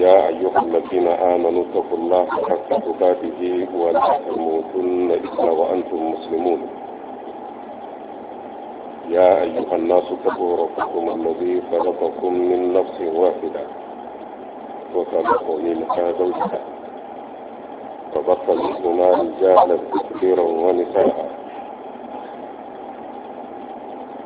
يا أيها الذين آمنوا اتقوا الله حق تقاته ولا تموتن إلا وأنتم مسلمون يا أيها الناس اتقوا ربكم الذي خلقكم من نفس واحدة وخلق منها زوجها فبطل منهما رجالا كثيرا ونساء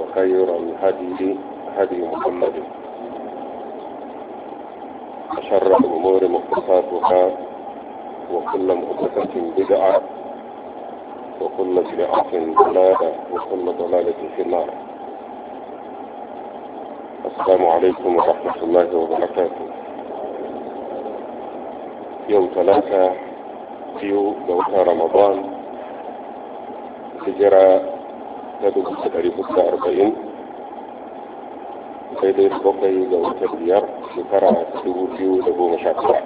وخير الهدي هدي محمد وشر الأمور مختصاتها وكل مختصة بدعة وكل بدعة ضلالة وكل ضلالة في النار السلام عليكم ورحمة الله وبركاته يوم ثلاثة biyu دوحة رمضان تجرى na dubu da ɗari hudu arba'in sai dai bakwai ga wata biyar shekara dubu biyu da goma sha tara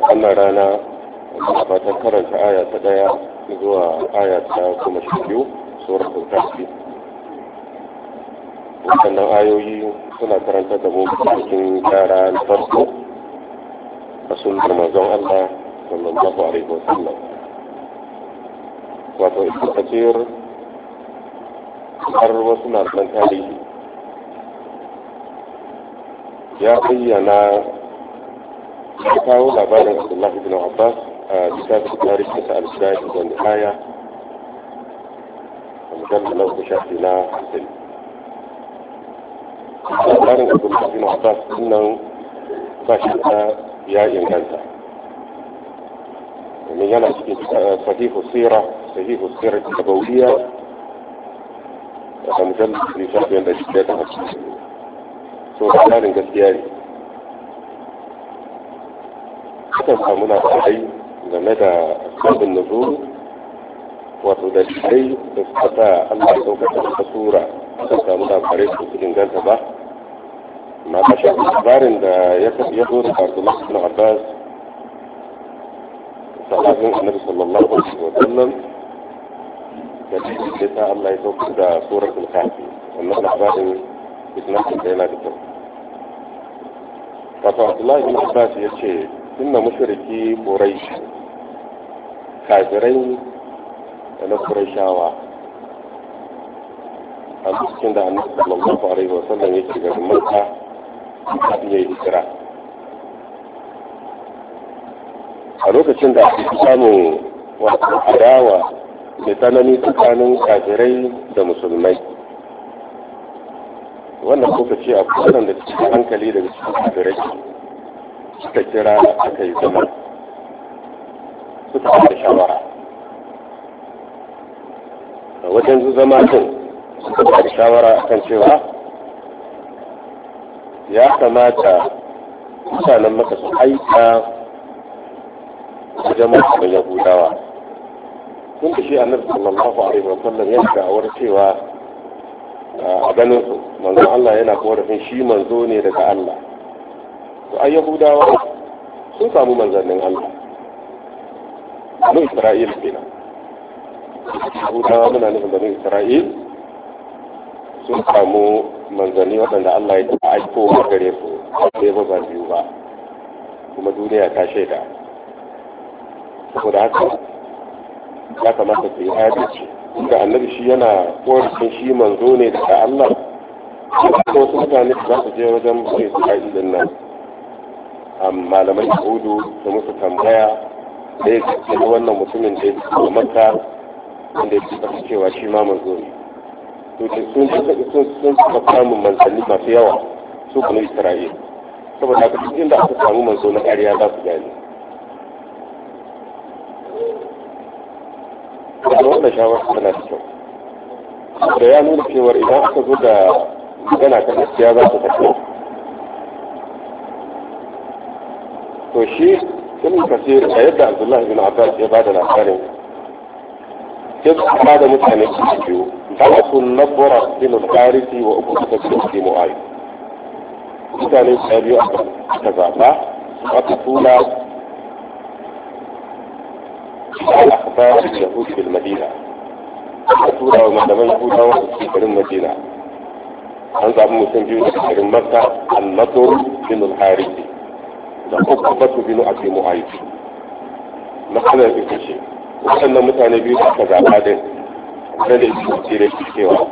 wannan rana a fatan karanta aya ta ɗaya zuwa aya ta kuma sha biyu tsoron ce. waɗannan ayoyi suna karanta da mu cikin yara na farko a sunan manzon Allah sallallahu alaihi wasallam wato ibn kathir har wasu malaman tarihi ya bayyana ya kawo labarin abdullahi ibn abbas a littafin tarihi da al-sirajin da nihaya a mujallar lauku shafi na hankali labarin abdullahi ibn abbas nan ba shi ya inganta domin yana cikin eh, sahihu sira صحيح السيرة التبوية أخم زل نفاق من أجدادها سورة مالن قسياني ختم أمنا بحي لمدى أسباب النزول وتدى الشيء استطاع الله سوف تكون حتى أسباب أمنا بحريك في إنجان تباه ما بشاء الأخبار عند يدور عبد الله بن عباس صلى الله عليه وسلم dalilin da sa Allah ya sauka da suratul kafi wannan labarin isnadin da yana da kyau wato Abdullahi bin Abbas ya ce inna mushriki quraish kafirai da na qurayshawa a lokacin da annabi sallallahu alaihi wa sallam yake garin Makka ta ya yi hijira a lokacin da ake samun wasu adawa da tsanani tsakanin kafirai da musulmai wannan kuka ce a kusuran da cikin hankali daga cikin kafirai suka kira aka yi zama suka da shawara a wajen zama din suka da shawara kan cewa ya kamata mutanen maka su aika wajen masu yahudawa Sun da shi a nan sallallahu alaihi wa sallam ya wani cewa a ganin su manzon Allah yana korafin shi manzo ne daga Allah to ai yahudawa sun samu manzannin Allah mu Isra'il nan yahudawa muna nufin da Isra'il sun samu manzanni waɗanda Allah ya ta aiko a gare su sai ba ba biyu ba kuma duniya ta shaida saboda haka ya kamata ta yi adalci inda annabi shi yana korafin shi manzo ne daga Allah ko wasu mutane za su je wajen mai su din nan malamai hudu da musu tambaya da ya kasance wannan mutumin da ya fi maka wanda ya fi cewa shi ma manzo ne to ce sun sun ka samu manzanni masu yawa su kuma isra'ila saboda haka duk inda aka samu manzo na ƙarya za su gane بدون مجاور سنسو ريانو لكي ور إذا أخذوا دا دنا كان استيادة تتكلم وشي كم كثير أيد عبد الله بن عباس يبعد الأخير كيف أحمد مطحن يسجيو بعث النبرة من الكارث وأبوك تسجي مؤاي كان يسأل يؤمن كذا ما وتقول kufa da yahudi bil madina a tura wa malaman yahudawa da suke garin madina an zaɓi mutum biyu da garin makka al-nasr bin al-harith da uqbatu bin abi mu'ayyid matsalar ita ce waɗannan mutane biyu da aka zaɓa din wanda da ita ce da cewa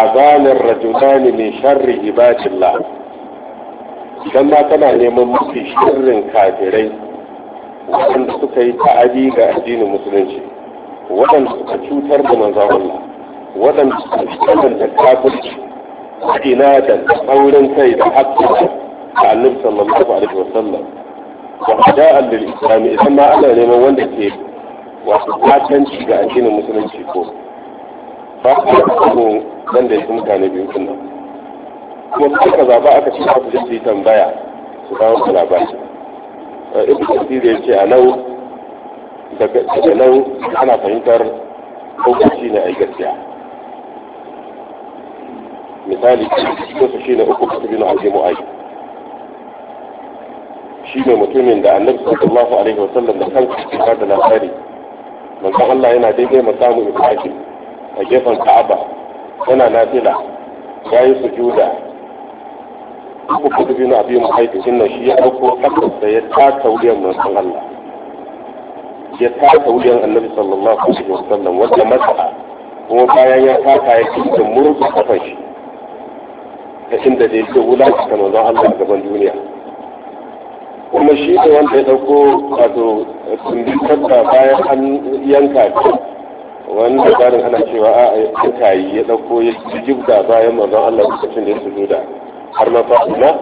azanin rajulani min sharri ibadillah idan ma kana neman mafi shirin kafirai waɗanda suka yi ta'adi ga addinin musulunci waɗanda suka cutar da manzon Allah waɗanda suka tsananta kafirci ina da tsaurin kai da haƙƙi da annabi sallallahu alaihi wasallam wa hada'an allil islam idan ma ana neman wanda ke wato fatanci ga addinin musulunci ko ba ku da kuma wanda ya mutane biyu kunna kuma suka zaɓa aka ci su je su yi tambaya su kawo labari ibn kasir ya ce a nau daga nau ana fahimtar hukunci ne a gaskiya misali kusa shi ne uku kasu binu azimu ai shi ne mutumin da annabi sallallahu alaihi wasallam da kansa ke ba da labari manzon Allah yana daidai samu ibrahim a gefen ka'aba yana nafila ya yi sujuda abu kudu bin abi muhaifin na shi ya ɗauko ƙasarsa ya tata wuyan manzon Allah ya tata wuyan annabi sallallahu alaihi wasallam wanda masa kuma bayan ya tata ya kinta murza kafan shi ta inda da yake wulaci ta manzon Allah a gaban duniya kuma shi ne wanda ya ɗauko wato tumbitar da bayan an yanka ta wanda labarin ana cewa a an kayi ya dauko ya jibda bayan manzon Allah lokacin da ya sujuda har ma fa'ila Allah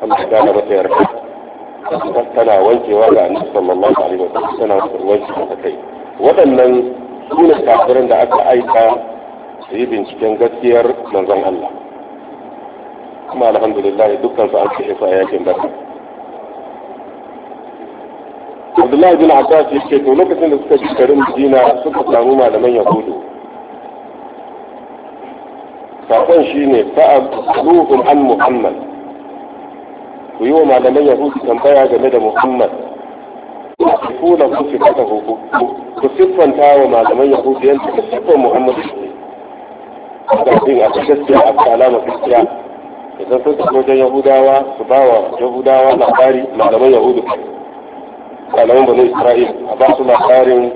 ta na ta yarda tana wankewa ga annabi sallallahu alaihi wasallam tana wanke ta kai waɗannan su ne kafirin da aka aika su yi binciken gaskiyar manzon Allah kuma alhamdulillah dukkan su an kashe su a yakin badar Abdullahi bin Abbas yake to lokacin da suka ji garin Madina suka samu malaman Yahudu sakon shi ne fa'aluhum an muhammad ku yi wa malaman yahudu tambaya game da muhammad kuna ku sifata hukuku ku siffanta wa malaman yahudu yadda ku siffan muhammadu ne ga bin a gaskiya a kalama gaskiya idan sun tafi wajen yahudawa su ba wa yahudawa labari malaman yahudu malaman bani isra'il a ba su labarin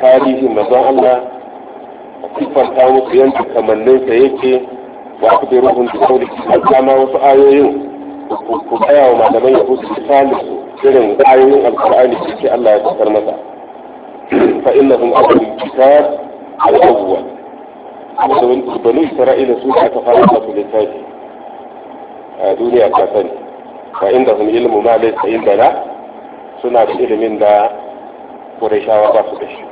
tarihin mazan allah siffanta musu yanki kamanninsa yake wa aka bai ruhun da sauri ma wasu ayoyin ku tsaya wa malaman yahudu su salisu irin ayoyin alkur'ani da ke Allah ya tsakar masa fa innahum ahlul kitab al-awwal saboda banu isra'ila su aka fara da su littafi a duniya ta sani fa indahum ilmu ma laysa indana suna da ilimin da Qurayshawa ba su da shi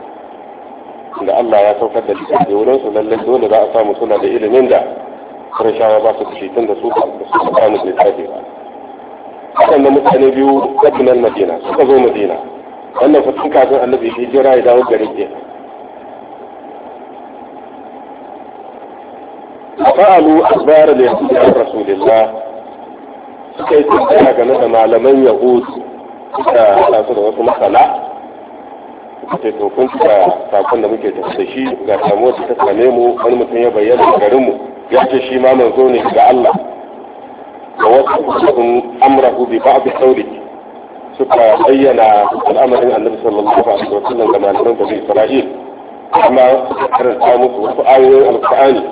da Allah ya saukar da cikin wurin su lallai dole za a samu suna da ilimin da Qurayshawa ba su da tun da su ba su samu littafi ba waɗannan mutane biyu kabilan Madina suka zo Madina wannan fatin kafin Annabi ya jira ya dawo garin kenan fa'alu akbar al-yahudi an rasulillah suka yi tambaya game da malaman yahud suka hada su da wasu masala sai to kun ga sakon da muke tafi da shi ga samuwar ta same mu wani mutum ya bayyana garin mu ya ce shi ma manzo ne ga Allah wa wasu amrahu bi ba'd sauri. suka bayyana al'amarin annabi sallallahu alaihi wa sallam ga malaman da Isra'il kuma karanta musu wasu ayoyin alqur'ani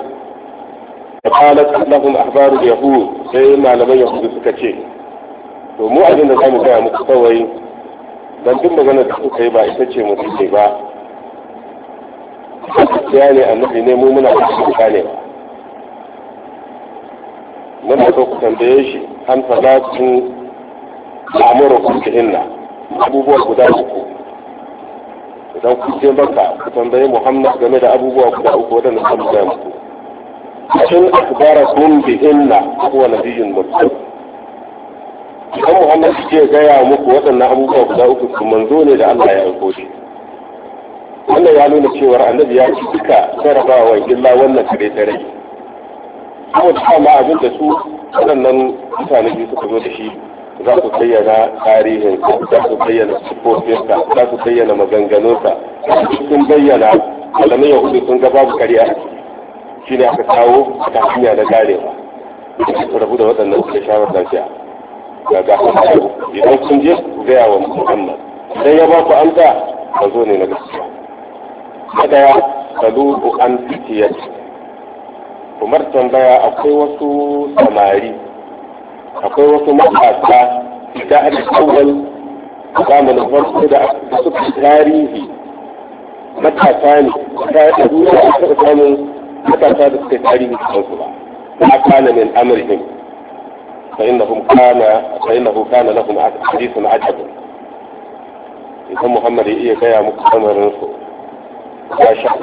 sai لهم أخبار اليهود سيما لمن يهود سكتشي ومو أجل gaya muku كوي don duk magana da kuka yi ba ita ce mu ce ba gaskiya ne annabi ne mu muna kusa da ne ba nan da ku tambaye shi an fada su amura ku ta abubuwa guda uku idan ku je baka ku tambaye muhammad game da abubuwa guda uku wadanda kan gaya muku cikin akbara kun bi inna kowane biyun mutum dan Muhammad ke gaya muku waɗannan abubuwa guda uku su manzo ne da Allah ya aiko shi wannan ya nuna cewar annabi ya ci duka wa illa wannan kare tare saboda kama abin da su waɗannan mutane biyu suka zo da shi za su bayyana tarihin za su bayyana sifofinsa za su bayyana maganganunsa sun bayyana malamai yahudu sun ga babu kariya shi ne aka kawo ta hanya na garewa su rabu da waɗannan da shawar lafiya ga ga idan kun je ku gaya wa muhammad idan ya ba ku amsa ka zo ne na gaskiya kada ya salubu an fitiyar kumar tambaya akwai wasu samari akwai wasu matasa da a cikin zamanin farko da suka tarihi matasa ne ta duniya a cikin samun matasa da suka tarihi su ba na kanamin amurkin فإنه كان فإنه كان لهم حديث عجب إذا محمد إيه كيا مكتمر يا شخص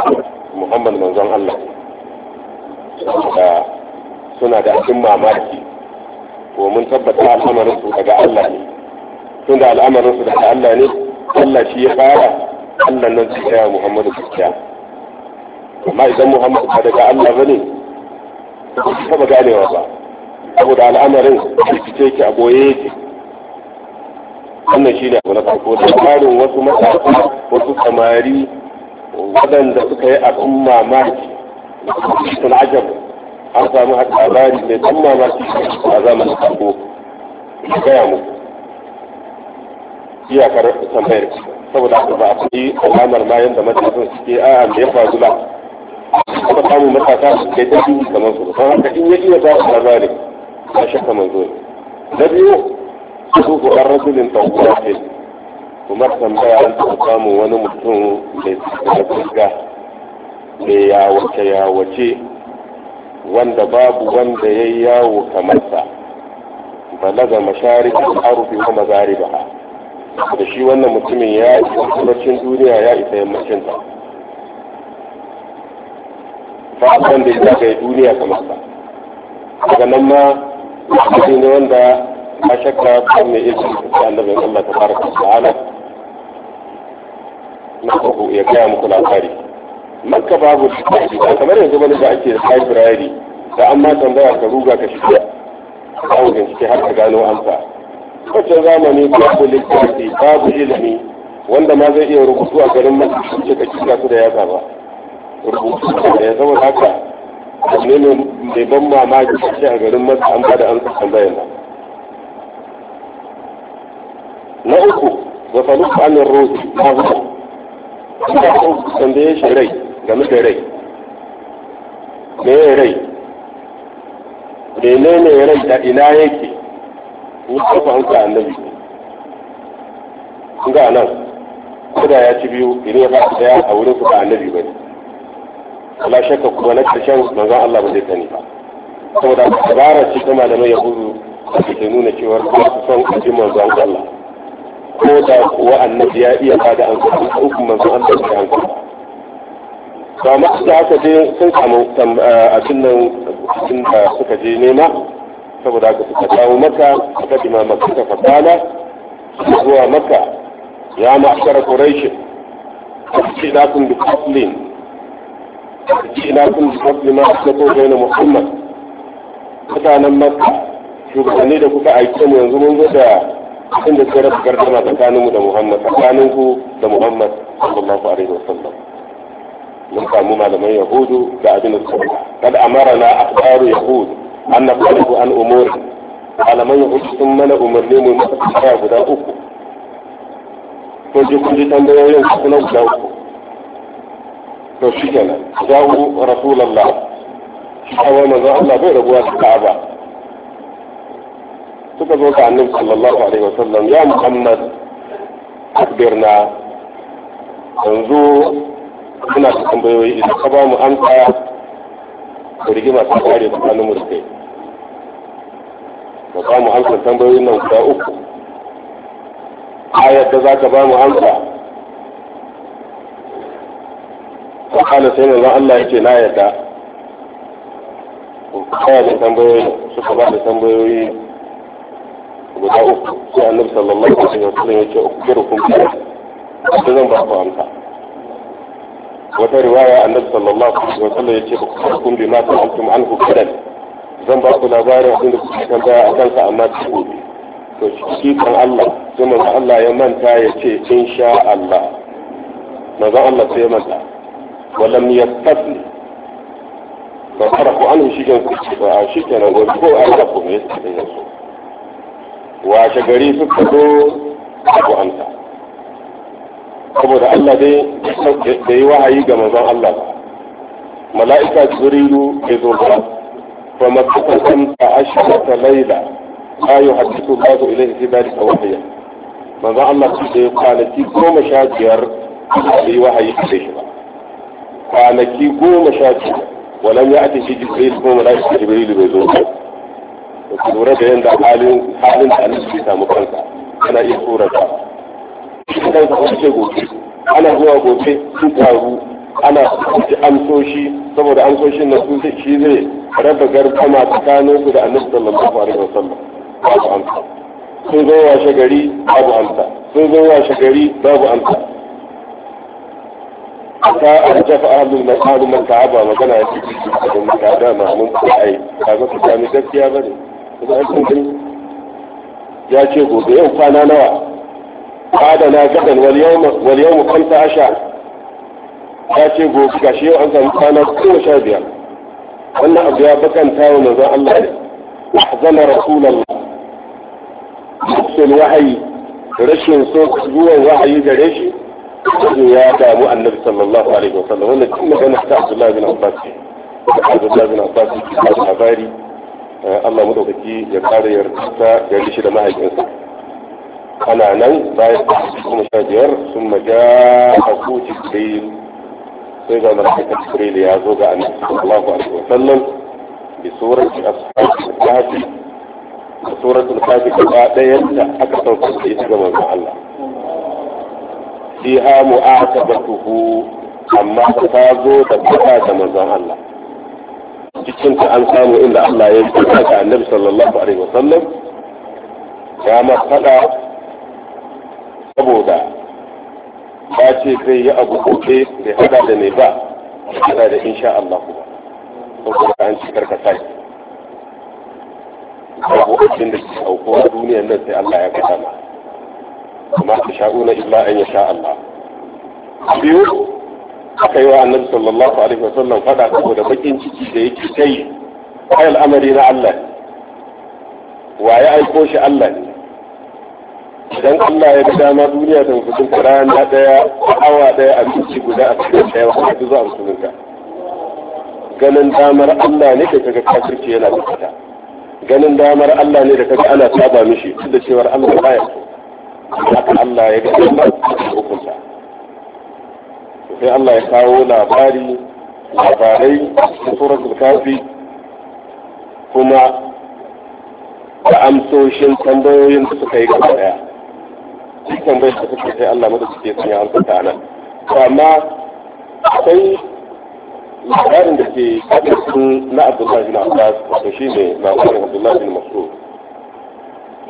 محمد من زن الله سنة أسمى ماركي ومن ثبت الأمر رسو تقع الله سنة الأمر رسو تقع الله الله شيء قال الله ننسي يا محمد بكيا ما إذا محمد قد قال الله غني سبق قال لي saboda al'amarin rikice ki a boye yake wannan shi ne abu na farko da tsarin wasu matasa wasu samari waɗanda suka yi abin mamaki sun ajabu an samu labari mai ban mamaki a zamanin farko gaya muku iyakar tambayar saboda haka ba a yi alamar ma yadda matasan suke a me ya faru ba kuma samun matasa su kai ta kamar su don haka in ya iya ba su labari ba shakka manzo na biyu su ku an rajulin tawwafin umar tambaya an taɓa samun wani mutum mai da fuska mai yawace yawace wanda babu wanda ya yawo kamar sa balaga masharikin arufi wa mazaribaha da shi wannan mutumin ya isa yammacin duniya ya isa yammacin ta ba ya zagaye duniya kamar sa daga nan ma shi ne wanda a shakka kan mai isi da annabin Allah ta fara ta'ala na uku ya gaya muku labari makka babu littafi kamar yanzu wani da ake library da an ma tambaya ka ruga ka shiga kawo bincike har ka gano amsa wacce zamani babu littafi babu ilimi wanda ma zai iya rubutu a garin masu shi ka kira su da yatsa ba rubutu da ya zama haka ne ne mai ban mamaki a a garin masa an ba da an sassan bayan ba. na uku ga falu kanin rozi na hudu ina son tambaye shi rai game da rai me rai menene rai da ina yake ni kafa an ka annabi ga nan koda ya ci biyu idan ya faɗi daya a wurin su ba annabi bane la shakka kuma na karshen manzon Allah ba zai sani ba saboda dabara ce ta malamai ya buru, da ke nuna cewa su son a ji manzon Allah ko da kuwa annabi ya iya bada an kuma an kuma manzon Allah da an kuma ba ma da haka je sun samu abin nan abin da suka je nema saboda haka suka dawo maka suka dima maka suka fasala zuwa maka ya ma'ashara quraish أفتناكم بقتل ina kun ji kafin ma na na musamman mutanen makka shugabanni da kuka aike mu yanzu mun zo da abin da suka gardama tsakaninmu da muhammad tsakaninku da muhammad sallallahu alaihi sallam mun samu malaman yahudu da abin da suka kada amara na akbaru yahud an na kwalifu an umuri malaman yahudu sun mana umarni mu masa tsaya guda uku kun ji kun ji tambayoyin na guda uku to shi kenan jawo rasulallah shawar manzon Allah bai rabuwa su ka'aba suka zo ga annabi sallallahu alaihi wasallam ya muhammad akbirna yanzu suna da tambayoyi idan ka ba mu amsa da rigima ta kare tsakanin mu da ka ba mu amsa tambayoyin nan guda uku ayar da za ka ba mu amsa wakala sai manzon Allah ya ce na yarda kaya da tambayoyi suka ba da tambayoyi guda uku sai annabi sallallahu alaihi wasallam ya ce ukhbirukum bi da zan ba ku amsa wata riwaya annabi sallallahu alaihi wasallam ya ce ukhbirukum bi ma ta'altum anhu kadal zan ba ku labarin abin da kuka tambaya a sa amma ci gobe to shi kan Allah sai manzon Allah ya manta ya ce insha Allah manzon Allah sai ya manta ولم يستسلم فصرفوا عنه شيئا شيئا وذكوا أعرفهم يستسلم وشجري سكتوا أبو أنت saboda Allah dai da yi wahayi ga manzon Allah mala'ika jibrilu bai zo ba fa makkata samta ashata layla la yuhaddithu Allahu ilayhi fi dhalika wahya manzon Allah sai da kwanaki goma sha biyar bai wahayi da shi ba kwanaki goma sha biyu walan ya ake shi jibril ko mala'ika jibril bai zo ba su lura da yadda halin halin da annabi ya samu kanka ana iya tsorata kansa wace gobe ana zuwa gobe su taru ana kuci amsoshi saboda amsoshin na su shi zai raba garkama tsakanin su da annabi sallallahu alaihi wasallam babu amsa sun zo washe gari babu amsa sun zo washe gari babu amsa ta arjafa ahlul masalu man ka'aba magana ya ciki da mun ka'aba ma mun ai ba ga ku sami gaskiya bane kuma an kun ya ce gobe yau kwana nawa adana gadan wal yawma wal yawmu khamsa ashar ya ce gobe gashi yau an samu kwana goma sha biyar wannan abu ya bakanta wa manzon Allah ahzana rasulullah sun wahayi rashin so zuwan wahayi gare shi ne ya damu annabi sallallahu alaihi wasallam wannan cikin magana ta Abdullah bin Abbas Abdullah bin Abbas ki ba labari eh, Allah madaukaki ya kare yarda da shi da mahaifinsa ana nan bayan kuma sha biyar sun maja a kuci jibril sai ga malaikar jibril ya zo ga annabi sallallahu alaihi wasallam bi surati ashabi kahfi suratul kahfi gaba da aka sauka da ita ga manzon Allah fiha mu'atabatuhu amma ta zo da kuka da manzon Allah cikin ta an samu inda Allah ya yi ga Annabi sallallahu alaihi wasallam ya ma fada saboda ya ce zai yi abu gobe bai hada da ne ba hada da insha Allah ba saboda an ci karkata shi babu abin da ke aukuwa duniyar nan sai Allah ya gada ma kuma ta sha'una illa an ya sha Allah biyu aka yi wa annabi sallallahu alaihi wasallam fada saboda bakin ciki da yake kai kai al'amari na Allah wa ya aiko shi Allah ne idan Allah ya ga dama duniya ta musulunta rana daya awa daya abinci guda a cikin daya wata duk zuwa a musulunta ganin damar Allah ne da kaga kafirci yana bukata ganin damar Allah ne da kaga ana saba mishi duk da cewar Allah ya so haka Allah ya gani ba su hukunta sai Allah ya kawo labari labarai da suratul kafi kuma da amsoshin tambayoyin da suka yi gaba daya duk tambayar da suka sai Allah mada suke sun yi hankalta nan amma sai labarin da ke kafin na Abdullahi bin Abbas wato shi ne labarin Abdullahi bin Mas'ud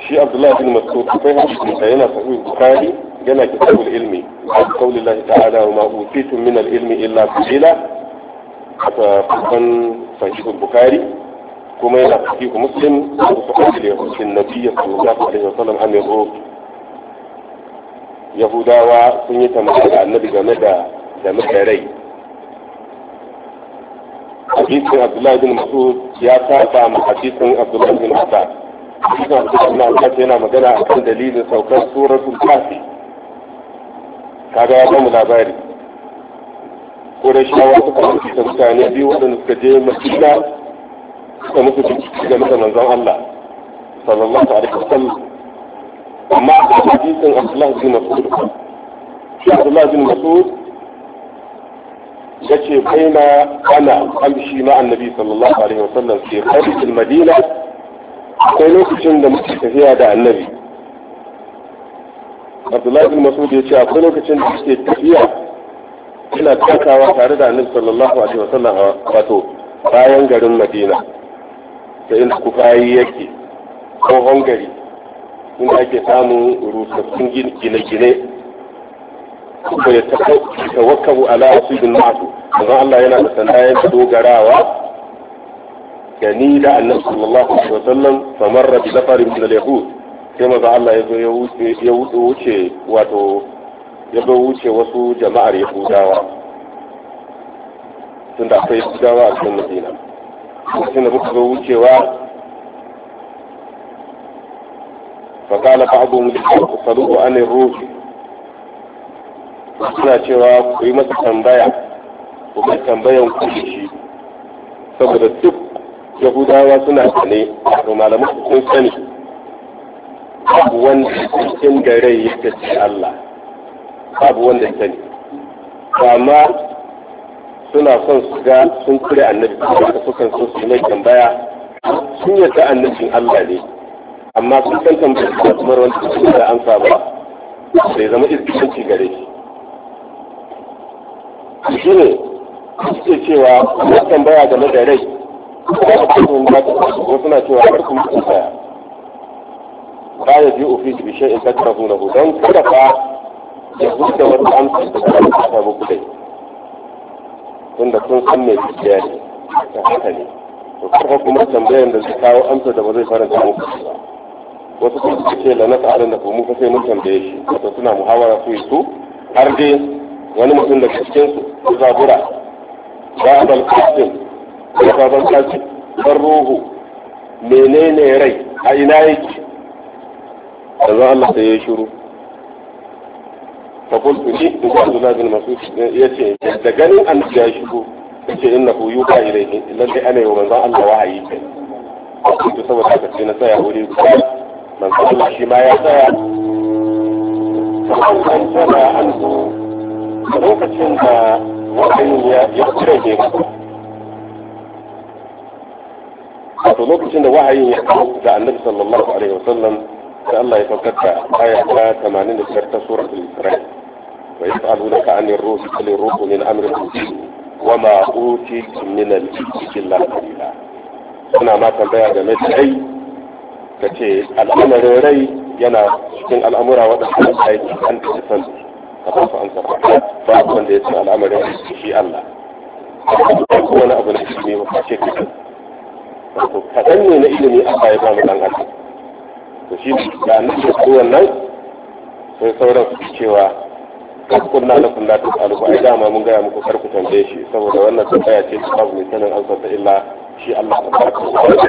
في عبد الله بن مسعود فهو مثلنا فهو البخاري جنا كتاب العلم قول الله تعالى وما أوتيتم من العلم إلا قليلا فقطا صحيح البخاري كما يلا مسلم وصحيح النبي صلى الله عليه وسلم عن يهود يهودا وسنية مدى النبي جمدى جمدى ري حديث عبد الله بن مسعود يا تابع حديث عبد الله بن مسعود haka Allah ya ce yana magana akan dalilin saukar suratul kafi kaga ya bamu labari Qurayshawa suka rubuta mutane biyu waɗanda suka je Madina suka musu bincike game da manzon Allah sallallahu alaihi wasallam amma a hadisin Abdullah bin Mas'ud Abdullah bin Mas'ud yace kaina ana amshi ma annabi sallallahu alaihi wasallam fi kharij al-Madina akwai lokacin da muke tafiya da annabi abdullahi bin masud ya ce akwai lokacin da suke tafiya ina takawa tare da annabi sallallahu alaihi wa sallam wato bayan garin madina da inda kufayi yake ko hongari inda ake samun rusassun gine-gine ko ya tawakkabu ala asibin ma'asu manzon Allah yana da sanda dogarawa da ni da annabi sallallahu alaihi wasallam fa marra bi nafarin min al-yahud sai maza Allah ya zo ya wuce ya wuce wato ya zo wuce wasu jama'ar yahudawa tun da akwai yahudawa a cikin madina lokacin da muka zo wucewa fa kala ba'dhum li saluhu an ar-ruh suna cewa ku yi masa tambaya ku kai tambayan ku shi saboda duk yahudawa suna tsane to malamu sun sani babu wanda cikin da rai ya tafi Allah babu wanda sani amma suna son su ga sun kure annabi da sukan so su mai tambaya sun yadda annabin Allah ne amma sun san tambayar da kuma wanda su da an saba Sai zama iskanci gare shi shi ne suke cewa tambaya game da rai Kuma suna cewa kar ku mutu saya ba ya ji ofis bi shay'in takrahu lahu dan kada fa ya huta wata amsa da ta ta muku dai tunda kun san me kike ne ta haka ne to kuma kuma tambayar da zai kawo amsa da ba zai faranta muku ba wasu sun ce la na adana ko mu fa sai mun tambaye shi to suna muhawara su yi su har dai wani mutum da cikin su zabura ba al-qasim ya sabon kaji ban ruhu menene rai a ina yake Allah sai ya shiru fa Abdullah bin Mas'ud da ganin an ya shiru yace innahu yuha ilayhi lalle ana yi manzon Allah wahayi kai to saboda haka sai na tsaya wuri guda Allah shi ma ya tsaya an tsaya an lokacin da wani ya ya kure ne to lokacin da wahayin ya kawo da annabi sallallahu alaihi wasallam sai Allah ya saukar da aya ta 85 ta suratul Isra'il wa yas'alunaka 'anil ruhi qul ruhu min amri rabbi wa ma utitum min al-ilmi illa qalila suna ma tambaya game da rai kace al'amarin rai yana cikin al'amura waɗanda Allah ya kanta ta san ka fasa an sarrafa ba wanda ya san al'amarin shi Allah ko wani abu na shi ne ba ce kace wato kaɗan ne na ilimi Allah ya bamu dan haka to shi da nan da kowan nan sai sauran su cewa kakkun na lakum la tasalu ba dama mun gaya muku kar tambaye shi saboda wannan tambaya ce ta babu mai sanin an ta illa shi Allah tabaraka wa ta'ala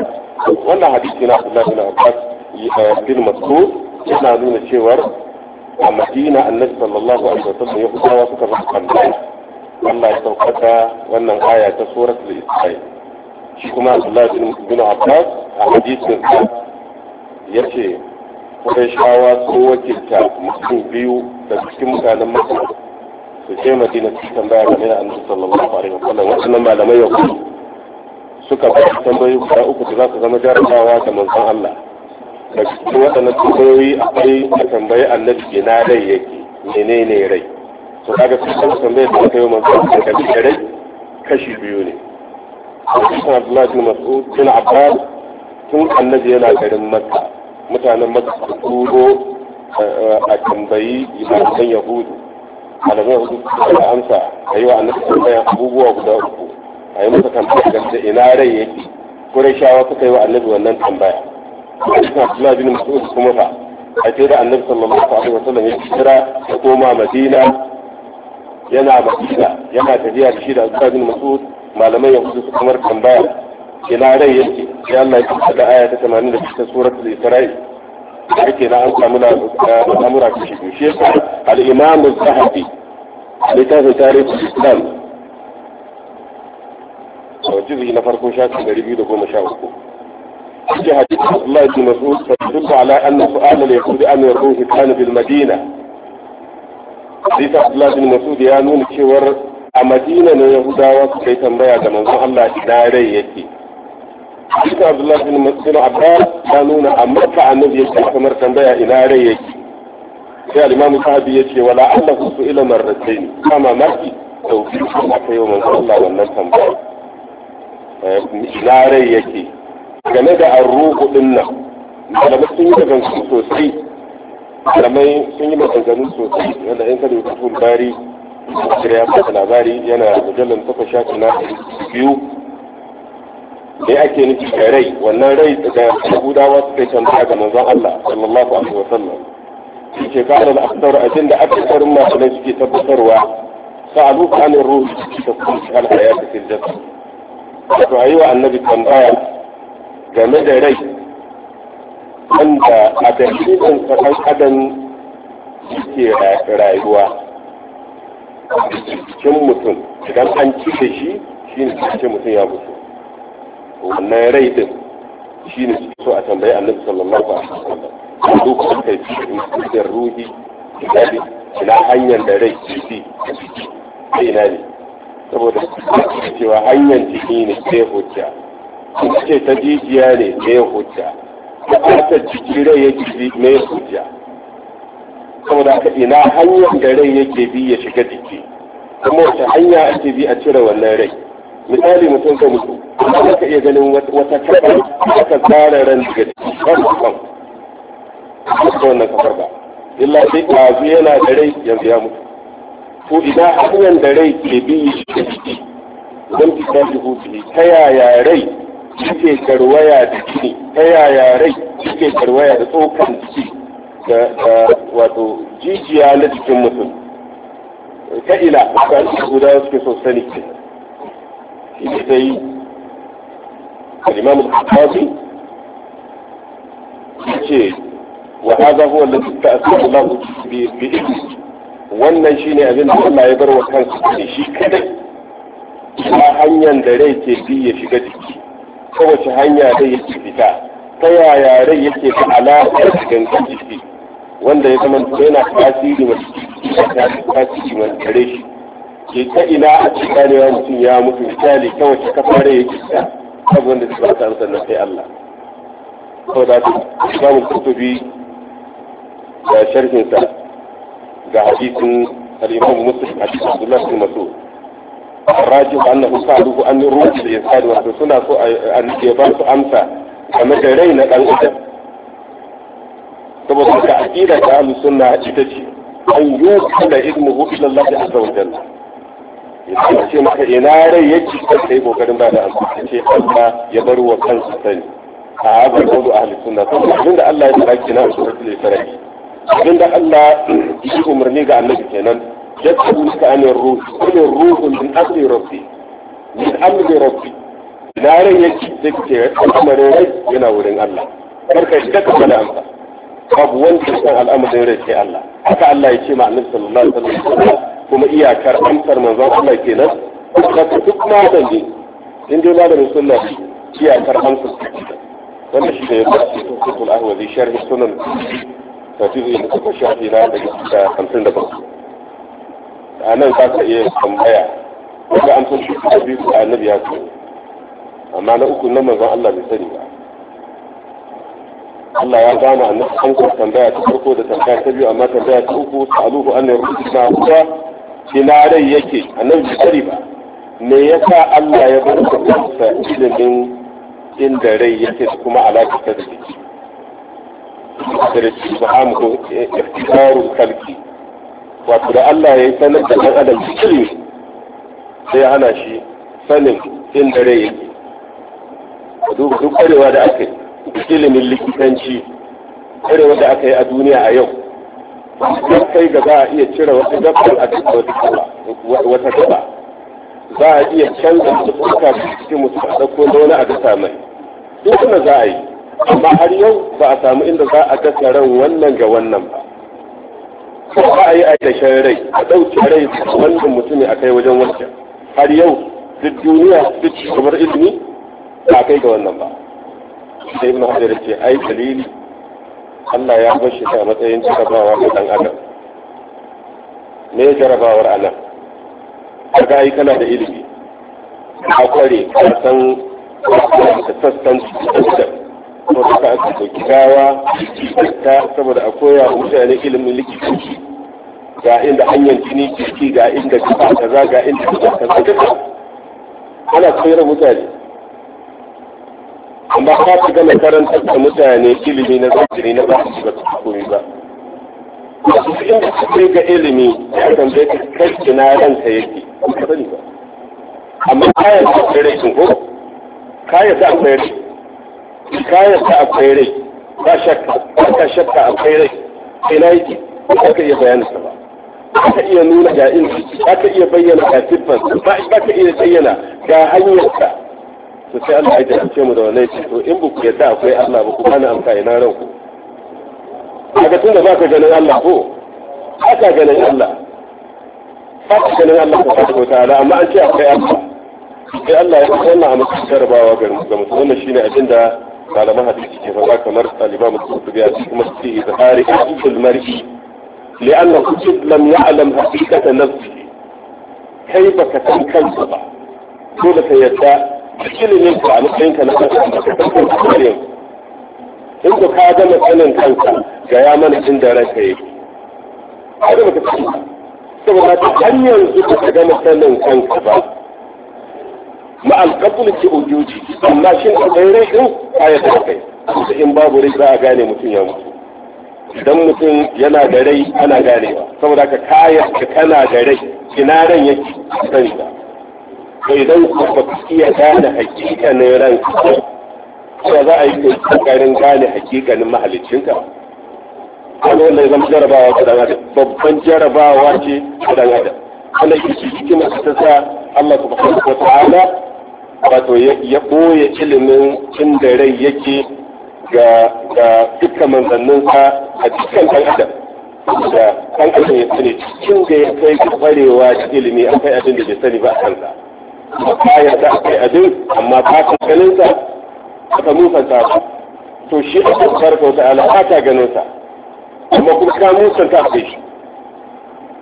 wannan hadisi na Abdullah na Abbas eh, bin Mas'ud yana nuna cewar a Madina annabi sallallahu alaihi wasallam ya kusa suka zama tambaya Allah ya saukata wannan aya ta suratul Isra'il shi kuma abdullahi bin abbas a hadisin sa ya ce shawa ko wakilta mutum biyu da cikin mutanen masa su ce madina su tambaya game da annabi sallallahu alaihi Wannan waɗannan malamai yau kuma suka ba tambayoyi guda uku da za su zama jarabawa ga manzon Allah da cikin waɗannan tambayoyi akwai a tambayi annabi ina rai yake menene rai to kaga sun tambayar da aka yi manzon Allah da rai kashi biyu ne a Abdullahi bin Mas'ud bin Abbas tun annabi yana garin Makka mutanen Makka su turo a tambayi imaman Yahudu malamai hudu da amsa a yi wa annabi tambayan abubuwa guda uku a yi masa tambaya game da ina rai yake Qurayshawa suka yi wa annabi wannan tambaya Abdullahi bin Mas'ud kuma fa a ce da annabi sallallahu alaihi wasallam ya kira ya koma Madina yana Madina yana tafiya da shi da Abdullahi bin Mas'ud malamai yanzu su kamar tambaya ina rai yake ya Allah ya kada aya ta 86 ta suratul Isra'i yake na an samu na al'amura ta shi shi yasa al-Imam az-Zahabi littafin tarihi Islam sau jibi na farko shafi 213 shi hadith Allah sha uku في حديث ala anna su'al مسعود فيدل an yaruhu kan bil madina الروح Abdullah بالمدينة حديث ya nuna cewar a madina ne yahudawa suka yi tambaya ga manzon Allah ina rai yake Isa Abdullah bin Mas'ud Abbas ya nuna a Makka annabi yake kamar tambaya ina rai yake sai al-Imam Sahabi yace wala Allah su ila marratayn kama marki maki sau biyu aka yi wa manzon Allah wannan tambaya eh, ina rai yake game da arruku din nan malamai sun yi maganganu sosai malamai sun yi maganganu sosai wanda in ka da bari kasir ya fata labari yana mujallar ta takwas shafi na biyu da ake nufi da rai wannan rai daga yahudawa su yi tambaya ga manzon Allah sallallahu alaihi wasallam shi ke ka da aktar abin da aka karin masu na suke tabbatarwa sa'alu kanin ruhu da kuma shi alhaya ta filjasa wato a yi wa annabi tambaya game da rai wanda a dalilin sa adam yake rayuwa cikin mutum idan an ci da shi shi ne ce ya mutu wannan rai din shi ne so a tambayi annabi sallallahu alaihi wasallam ko kuma kai shi ruhi ina hanyar da rai sai ina ne saboda cewa hanyar jiki ne sai hujja ce ta jijiya ne sai hujja ta jiki rai ya ji ne hujja saboda ka ina hanyar da rai yake bi ya shiga jiki kuma wata hanya ake bi a cire wannan rai misali mutum ka mutu kuma za ka iya ganin wata kafar aka tsara ran daga jiki ba su kan ba wannan kafar ba illa sai kazu yana da rai yanzu ya mutu ko ina hanyar da rai ke bi ya shiga jiki don fita shi hutu ta yaya rai yake garwaya da jini ta yaya rai yake garwaya da tsokan jiki da wato jijiya na jikin mutum ta ila ba guda suke so sani shi ne sai al-imam al ce yace wa hadha huwa alladhi ta'assasa lahu bi bi wannan shine abin da Allah ya bar wa kansa ne shi kadai ta hanyar da rai ke bi ya shiga jiki ta kowace hanya da ya fita ta yaya rai yake da alaƙar gangan jiki wanda ya zama yana tasiri mai tasiri mai gare shi ke ta ina a cikin mutum ya mutu misali ta wace kafare ya kisa abubuwan su suka ta amsar na sai Allah sau za su samun kutubi da sharhinsa ga hadisin al-imam muslim a cikin abdullah bin mas'ud rajin annahu sa'aluhu an ruhi da yasadu wato suna so a ya ba su amsa game da rai na dan adam saboda ka aqida ta ahlus sunna ita ce an yuqala ilmuhu ila Allah azza wa jalla ya ce maka ina rai yake kan sai kokarin ba da amsa ce Allah ya bar wa kansa sani a ga kullu ahlus sunna to abinda Allah ya tsara kina suratul isra'i abinda Allah ya umarni ga annabi kenan yadda an ruh kullu ruhun min amri rabbi min amri rabbi ina rai yake take ce al'amarin rai yana wurin Allah karka shi kaka da amsa babu wanda ya san al'amarin rai sai Allah haka Allah ya ce ma annabi sallallahu alaihi wasallam kuma iyakar amsar manzon Allah kenan haka duk malami in dai malamin sunna iyakar amsar wanda shi da ya ba shi ahwazi sharhi sunan tafiyu da kuma shafi na daga da hamsin da bakwai a nan za ka iya tambaya ga amsar shi da biyu annabi ya ce amma na uku na manzon Allah bai sani ba Allah ya a annabi an tambaya ta farko da tambaya ta biyu amma tambaya ta uku ta aluhu an yarda na kuma ina rai yake annabi bai sani ba me yasa Allah ya bar sa ilimin inda rai yake da kuma alaƙa ta da jiki sarki subhanahu iftisaru kalki wato da Allah ya yi sanar da ɗan adam cikin sai ana shi sanin inda rai yake duk kwarewa da aka yi ilimin likitanci irin wanda aka yi a duniya a yau don kai ga za a iya cire wasu dabbar a cikin wata gaba za a iya canza su fuska su cikin musu a ɗauko da wani a dasa mai duk wanda za a yi amma har yau ba a samu inda za a gasa ran wannan ga wannan ba ko ba a yi a aikashen rai a ɗauke rai wannan mutum a kai wajen wancan har yau duk duniya duk shugabar ilimi ba a kai ga wannan ba sai ibn hajar ce ai dalili Allah ya bar shi a matsayin jarabawa ga dan adam me jarabawar Allah kaga ai kana da ilimi ka kware ka san ka sassan da ko da ka aka ɗauki gawa ta saboda a koya mutane ilimin likitanci ga inda hanyar jini kirki ga inda kaza ga inda kaza kaza ana koyar mutane amma ka ci gama karanta da mutane ilimi na zahiri na ba su ba su koyi ba masu cikin da suke ga ilimi ya tambaye ka kai na ranta yake ba sani ba amma kayan ta akwai rai sun ko kayan ta akwai rai kayan ta akwai rai ba shakka ba ka shakka akwai rai sai na yake ba ka iya bayanin sa ba ba ka iya nuna ga inda ba ka iya bayyana ga siffar ba ka iya bayyana ga hanyarsa to sai Allah ya jarabce mu da wannan ce to in ku yadda akwai Allah ba ku bani amfani na ranku kaga tunda ba ka ganin Allah ko ba ka ganin Allah ba ka ganin Allah subhanahu wa ta'ala amma an ce akwai Allah sai Allah ya san Allah a matsayin jarabawa ga mutum wannan shine abin da malaman hadisi ke faɗa kamar al-Imam Qurtubi a cikin masjidi da tarihi ibn mar'i لأنه لم يعلم حقيقة نفسه كيف كتم كنسبة دولة يدعى ilimin ka a matsayin ka na kanka ka kanka ka kare in ka ka gama sanin kanka ga ya mana jin da ranka yake har ba ka ci saboda ta hanyar zuwa ka gama sanin kanka ba ma alƙatul ki ujuji amma shin akwai rai din ayat da kai in babu rai za a gane mutum ya mutu idan mutum yana da rai ana ganewa saboda ka kayar ka kana da rai ina ran yake sani ba idan ku ba ku iya gane hakikanin ranka ba za a yi kokarin gane hakikanin mahalicinka wani wanda ya zama jarabawa ga dan adam babban jarabawa ce ga dan adam wanda ke ci cikin ta sa Allah subhanahu wa ta'ala wato ya boye ilimin inda rai yake ga ga dukkan manzanninsa a dukkan dan adam da kan adam ya sani cikin da ya kai kwarewa ilimi akwai abin da bai sani ba a kansa da kaya da aka yi abin amma ta san ganin sa aka ta su to shi aka barka wata ala ba ta ganin sa amma kuma ka ta sai shi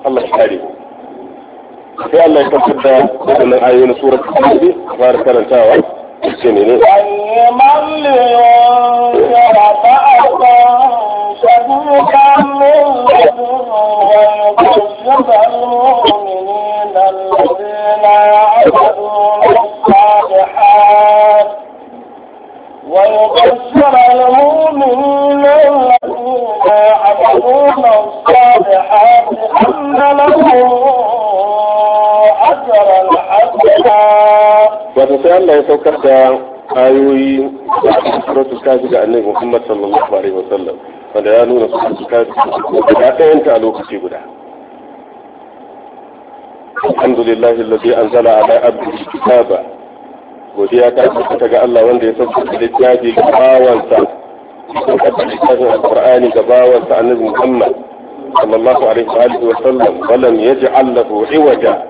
Allah ya kare sai Allah ya tabbatar da wannan ayoyin suratul Nahl fara karantawa ìṣẹ̀nìyàn. Àyìnbá lè yọ̀ọ̀yọ̀ bàbá àgbà ṣẹ́gun ká ló ń lọ́dún ọ̀rọ̀ kò síbà lóhùn mi ní ìdánilẹ́lá àgbàdo الصالحات ويبشر المؤمنين الذين يعملون الصالحات أن لهم أجرا حسنا wato sai Allah ya saukar da ayoyi da su kafi ga annabi Muhammad sallallahu alaihi wasallam wanda ya nuna su su kafi guda ɗayan ta a lokaci guda alhamdulillahi alladhi anzala ala abdihi kitaba godiya ta tabbata ga Allah wanda ya sauke da jaji ga bawansa ya kaddara littafin alqur'ani ga bawansa annabi Muhammad sallallahu alaihi wa sallam walam yaj'al lahu iwaja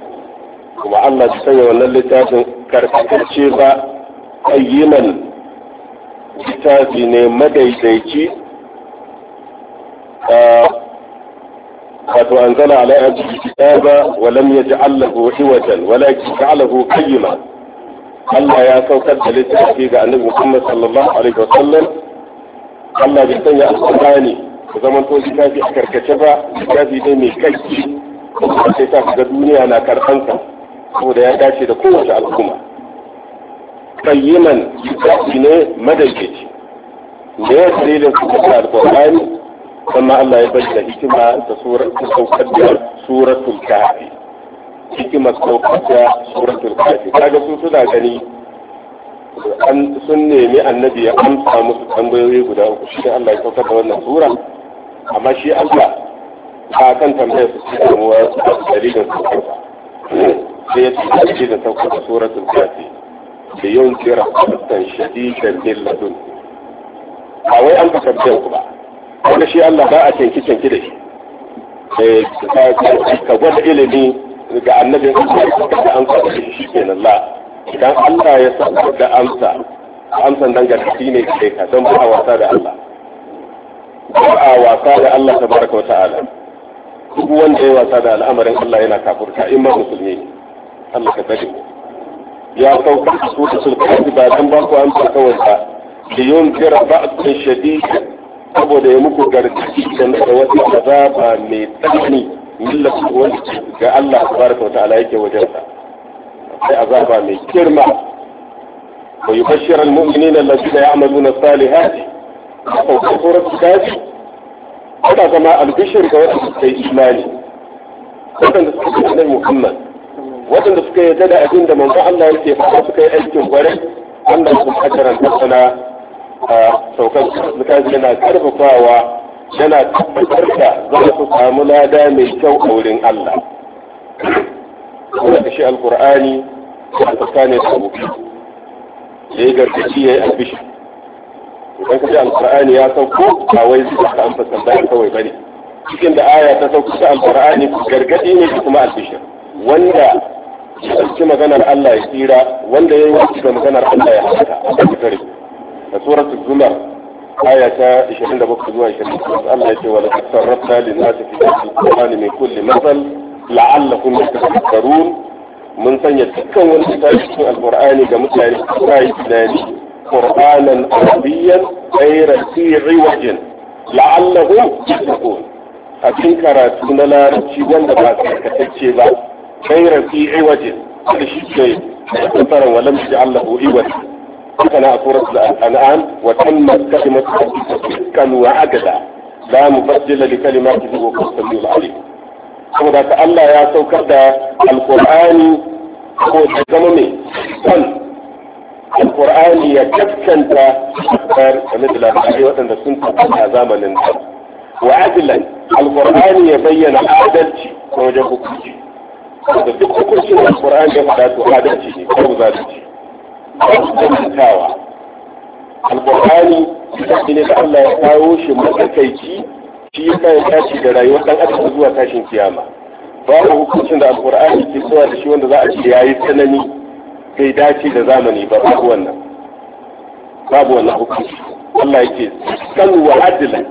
kuma Allah ya sanya wannan littafin karkace ba ayyiman littafi ne madaidaici wato an zala ala ya kitaba wa lam yaj'al lahu hiwajan walakin ja'alahu qayyima Allah ya saukar da littafi ga Annabi Muhammad sallallahu alaihi wa sallam Allah ya sanya a alqur'ani ku zama to littafi a karkace ba littafi ne mai kai sai ta ga duniya na karɓansa saboda ya dace da kowace al'umma qayyiman kitabi ne madaidaici da ya dalilin su da alqur'ani sannan Allah ya bayyana hikima da suratul saukar da suratul hikima hikimar saukar da suratul kahfi kaga su suna gani sun nemi annabi ya amsa musu tambayoyi guda uku shi Allah ya saukar da wannan sura amma shi Allah ba kan tambayar su cikin dalilin saukar ba sai ya tafi da sauƙa da suratul kafi da yawan kira kwastan shadidan lilladun ba wai an baka biyan ku ba wani shi Allah ba a canki canki da shi eh, ka gwada ilimi ga annabin Allah ka an kwada shi shi kenan la idan Allah ya sa da amsa amsan dan ga ne kai ka don ba wasa da Allah ba a wasa da Allah tabaraka wa ta'ala duk wanda ya wasa da al'amarin Allah yana kafurta in ma musulmi ne Allah ka tsare ya saukar da su da sulkati ba dan ba ku amsa kawai ba da yun kira ba'dun shadid saboda ya muku gargaɗi dan da wata azaba mai tsanani millatu wanda ga Allah tabaraka wa ta'ala yake wajen sa sai azaba mai girma wa yubashshiral mu'minina alladhina ya'maluna salihati saukar suratul kafi kada zama albishir ga wanda suka yi imani waɗanda suka yi Muhammad waɗanda suka yarda da abin da manzo Allah yake faɗa suka yi aikin kwarai Allah sun ajaran tattala a saukar zakati yana karfafawa yana tabbatar da za su samu lada mai kyau a wurin Allah kuma da shi alkur'ani ya tsaka ne da abubu ya yi gargaci ya yi albishi idan ka ji alkur'ani ya sauko ba wai zai ka amsa sanda kawai bane cikin da aya ta sauko ta alkur'ani gargadi ne kuma albishir wanda ya ɗauki maganar Allah ya tsira wanda ya yi wasu da maganar Allah ya haka a cikin da suratul zumar aya ta 27 zuwa 28 Allah ya ce wa laqad sarrafna lin nasi fi ne mai kulle min kulli masal la'allakum tadhakkarun mun sanya dukkan wani littafi cikin alqur'ani ga mutane ta yi tunani qur'anan arabiyyan ghayra fi iwajin la'allahum yattaqun a cikin karatu na larabci wanda ba karkatacce ba غير في عوج هذا شيء كثرا ولم يجعل له عوج كما سورة الأنعام وتمت كلمة صدقا وعددا لا مبدل لكلماته وهو السميع العليم saboda ka Allah ya saukar da alkur'ani ko ta zama mai son alkur'ani ya kaskanta kar game da labarai waɗanda sun tabbata a zamanin da wa adilan alkur'ani ya bayyana adalci ta wajen hukunci da duk hukuncin da Qur'an ya faɗa to adalci ne ko zalunci kamantawa alƙur'ani shi ne da Allah ya kawo shi matsakaici shi ya ya tashi da rayuwar ɗan adam zuwa tashin kiyama babu hukuncin da alƙur'ani ke zuwa da shi wanda za a ce yayi tsanani bai dace da zamani ba babu wannan babu wannan hukunci Allah yake kan wa adlan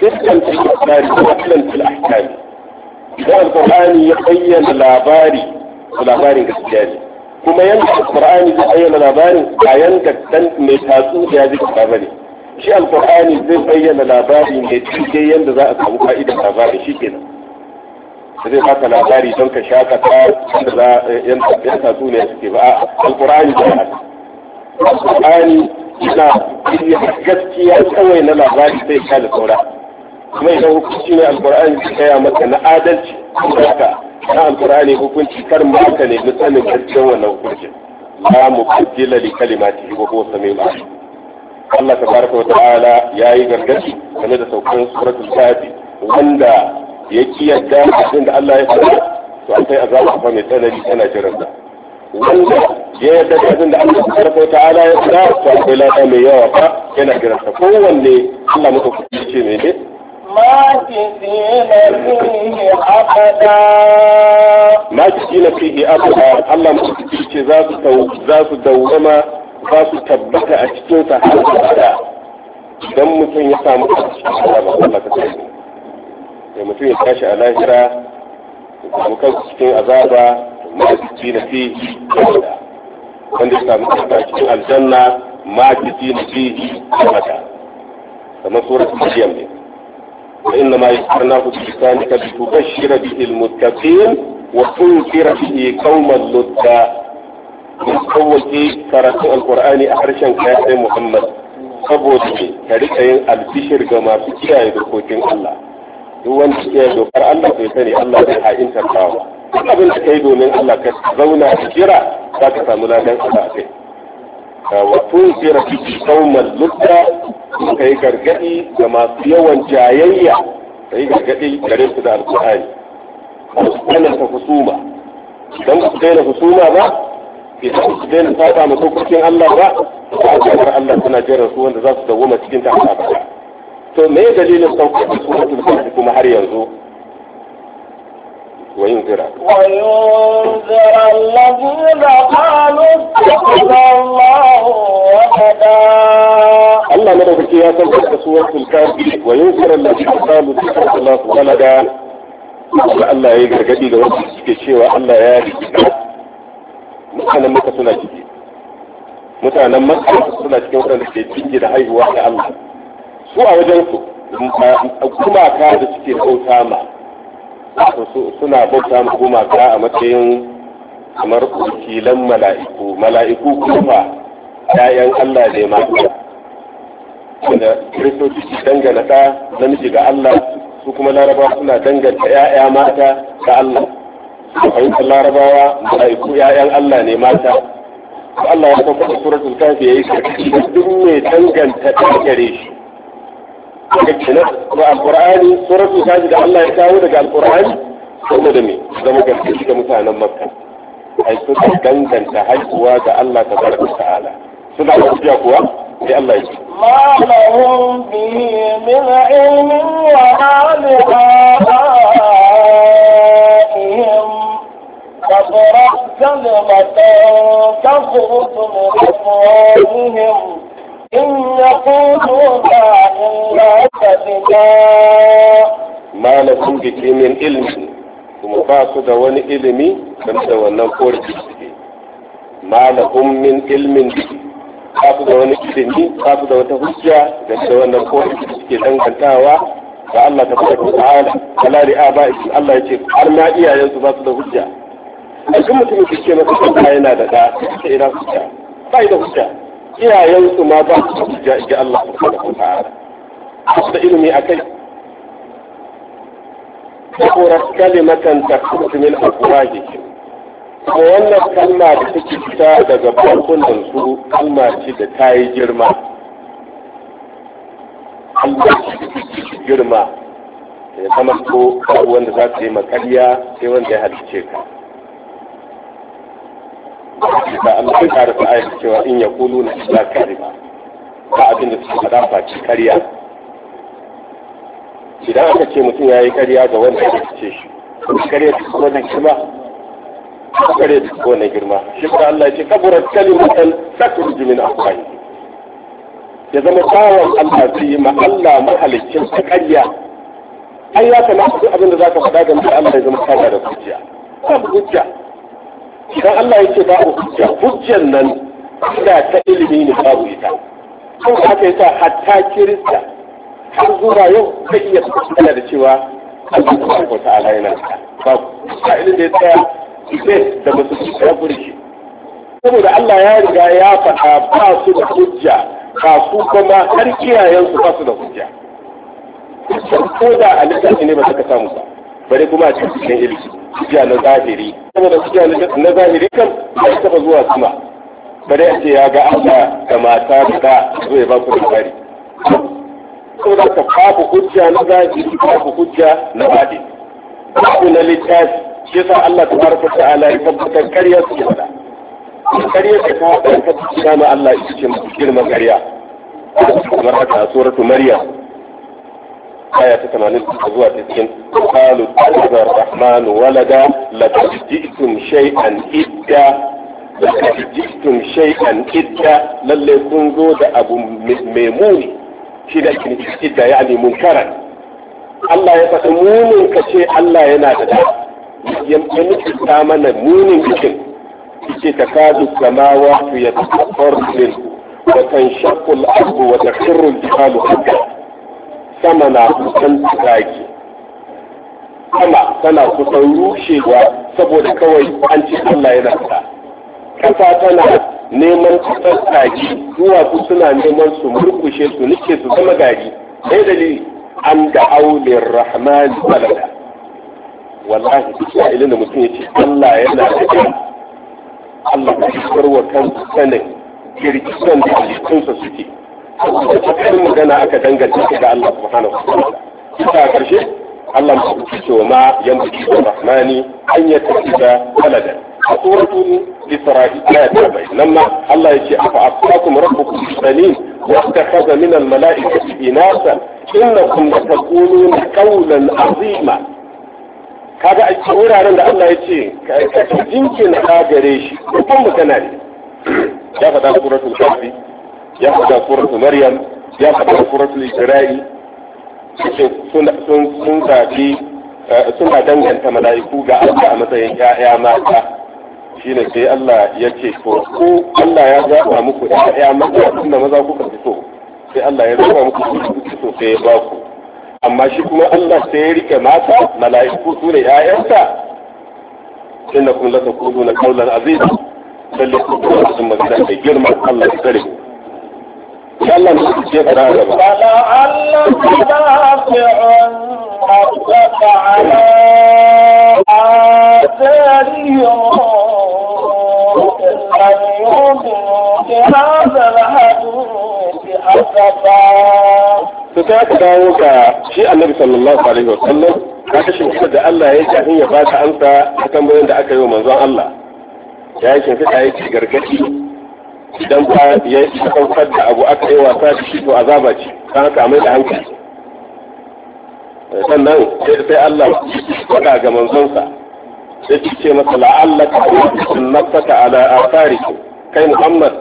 fiskan fil qadari wa adlan fil ahkami da alkur'ani ya bayyana labari labarin gaskiya ne kuma yanda alkur'ani zai bayyana labarin a yanda dan mai tatsu da ya ji shi alkur'ani zai bayyana labari ne cike yanda za a samu fa'idar labarin shi kenan zai baka labari don ka ta da za yan tatsu ne suke ba alkur'ani da ya alkur'ani yana gaskiya kawai na labari sai ka da saura kuma idan hukunci ne alkur'ani ka gaya maka na adalci haka na alkur'ani hukunci kar mu haka ne mu sanin gaskiyar wannan hukuncin la mu kaddila li kalimati wa huwa samiul ba. Allah tabaraka wa ya yi gargadi game da saukan suratul kafi wanda ya kiyarda abin da Allah ya faɗa to akwai azaba fa mai tsanani tana jiran sa wanda ya yarda da abin da Allah tabaraka wa ta'ala ya faɗa to akwai lada mai yawa fa yana jiran sa kowanne Allah muka kuɗi ce ne. ma jiki na fihe abada Allah mu ce ce za su za za su tabbata a cikin sa har Don mutum ya samu Allah ka sani sai mutum ya tashi a lahira mu kan cikin azaba ma jiki na fihe abada wanda ya samu a cikin aljanna ma jiki na fihe abada kamar suratul maryam ne وإنما يسرناه بلسانك لتبشر به المتقين وتنكر به قوما لدا من قوة قراءة القرآن أحرشا كاتب محمد saboda ka rika yin albishir ga masu kiyaye dokokin Allah duk wanda kiyaye dokar Allah bai sani Allah zai ha'inta kawo duk abin da kai domin Allah ka zauna ka jira za ka samu a kawo tunkira ciki kan mallukta su kai gargadi ga masu yawan jayayya sai gargadi gare su da alkuhari a su kwanan ta kusuma idan ba su daina kusuma ba idan ba su daina fata masaukakin allah ba su ba a allah suna jera su wanda za su dawo dawoma cikin ta hata ba to me dalilin sauƙi a su wata kuma har yanzu وينذر وينذر الذين قالوا اتخذ الله وحدا الله مدوك يا سنة سورة الكافر وينذر الذين قالوا اتخذ الله ولدا Allah ya gargadi ga wasu suke cewa Allah ya rikita mutanen maka suna ciki mutanen maka suna cikin waɗanda ke ciki da da Allah su a wajensu kuma ka da suke bauta ma suna bauta ma gumaka a matsayin kamar wakilan mala'iku mala'iku kuma ƴaƴan Allah ne mata da kiristoci su dangana ɗa namiji ga Allah su kuma larabawa suna danganta ƴaƴa mata ga Allah su fahimtar larabawa mala'iku ƴaƴan Allah ne mata Allah ya kuma suratul kafi yayi duk mai danganta ta gare shi daga kenan da alqur'ani suratu tashi da Allah ya kawo daga alqur'ani saboda me zama gaske ga mutanen makka ai suka danganta haihuwa ga Allah ta tabaraka ala. suna da hujja kuwa sai Allah ya ce ma lahum bihi min ilmin wa alihaihim كبرت كلمة تخرج من أفواههم إن يقولون إلا كذبا ما لكم kuma ba su da wani ilimi don da wannan korafi suke ma lahum min ilmin ba su da wani ilimi ba su da wata hujja don da wannan korafi suke dangantawa ga Allah ta fara ta ta'ala ala ri'a ba ikin Allah ya ce har na iyayensu ba su da hujja a duk mutum da ke masu kanta yana da da ta ira hujja ba da hujja iyayensu ma ba su ji Allah subhanahu ta'ala da ilimi akai kafurat kalimatan takhruj min afwahihim ko wannan kalma da take fita daga bakunan su kalma ce da ta yi girma Allah girma ya zama ko wanda za ta yi makariya sai wanda ya halice ka da Allah ya kare ta ayar cewa in ya kulu na illa kare ba abin da suka da ba ci kariya idan aka ce mutum ya yi ƙarya ga wanda ya ce shi kariya ta kuma da girma kariya ta kuma da girma shi ba Allah ya ce kaburar kalimatan sakuru jimin akwai ya zama tsawon Allah su yi ma Allah mahalicin ta ƙarya an ya kamata duk abin da za ka faɗa game da Allah ya zama kariya da hujja babu hujja idan Allah ya ce babu hujja hujjan nan da ta ilimi ne babu ita ko haka yasa hatta kirista har zuwa yau zai iya tsaya da cewa Allah subhanahu wa ta'ala yana babu ta ilimi da ya tsaya sai da musulmi ya burki saboda Allah ya riga ya faɗa ba su da hujja ba su kuma har su ba su da hujja ko da a ne ba ka samu ba bare kuma a cikin ilimi hujja na zahiri na zahiri kan taba zuwa sama ba ce ya ga da mata da zai ba ku labari saboda ka babu hujja na zahiri babu hujja na babu na littafi shi yasa Allah tabaraka ta'ala ya tabbatar su yada ta ta ta ta ta aya ta tamanin 80 zuwa cikin kalu ta'ala Rahmanu walada laqad ji'tum shay'an idda laqad ji'tum shay'an idda lalle kun zo da abu mai muni shi da kin idda ya yani munkaran Allah ya faɗi munin ka ce Allah yana da da ya ta mana munin cikin ce ta kadu samawa ya tafar min wa tan shaqul ardu wa takhirru al-jibalu hadda sama na kusan tsaki sama tana kusan rushewa saboda kawai an ce Allah yana ta kasa tana neman tsaki duwatsu suna neman su murkushe su nike su zama gari sai dalili an da aulin rahman balada wallahi ilin da mutum ya ce Allah yana da Allah ya shigar wa sanin girgizan da halittunsa suke saboda cikin magana aka danganta su ga Allah subhanahu wa ta'ala ta karshe Allah mu ce wa ma yanbaki wa rahmani an yattakiza waladan a suratul isra'i ayat 70 nan ma Allah ya ce afa asqakum rabbukum salim wa ittakhadha min al mala'ikati inasa innakum latakununa qawlan azima kaga a cikin wuraren da Allah ya ce ka jinkin ka gare shi ko kuma kana ne ya faɗa suratul kafir ya faɗa suratu maryam ya faɗa suratu isra'i suke sun zaɓi eh, suna danganta mala'iku ga Allah a matsayin ‘ya'ya mata shine sai Allah ya ce to ko Allah ya zaɓa muku ‘ya'ya mata tunda maza kuka fito sai Allah ya zaɓa muku kuka so sai ya ba ku amma shi kuma Allah sai ya rike mata mala'iku su ne ‘ya'yansa inna kun lasa kudu na kaulan aziz lalle kudu na sun magana da girman Allah ya tsare Allah ne ba. ta dawo ga shi Annabi sallallahu alaihi wa sallam ka ta da Allah ya kafin ya ba amsa ta tambayar da aka yi wa manzon Allah. Ya yi shimfiɗa ya gargaɗi idan ba ya saukar da abu aka yi wasa da shi to azaba ce kan haka mai da hankali sannan sai Allah faɗa ga manzonsa sai ki ce masa la'allaka sunnataka ala asari kai Muhammad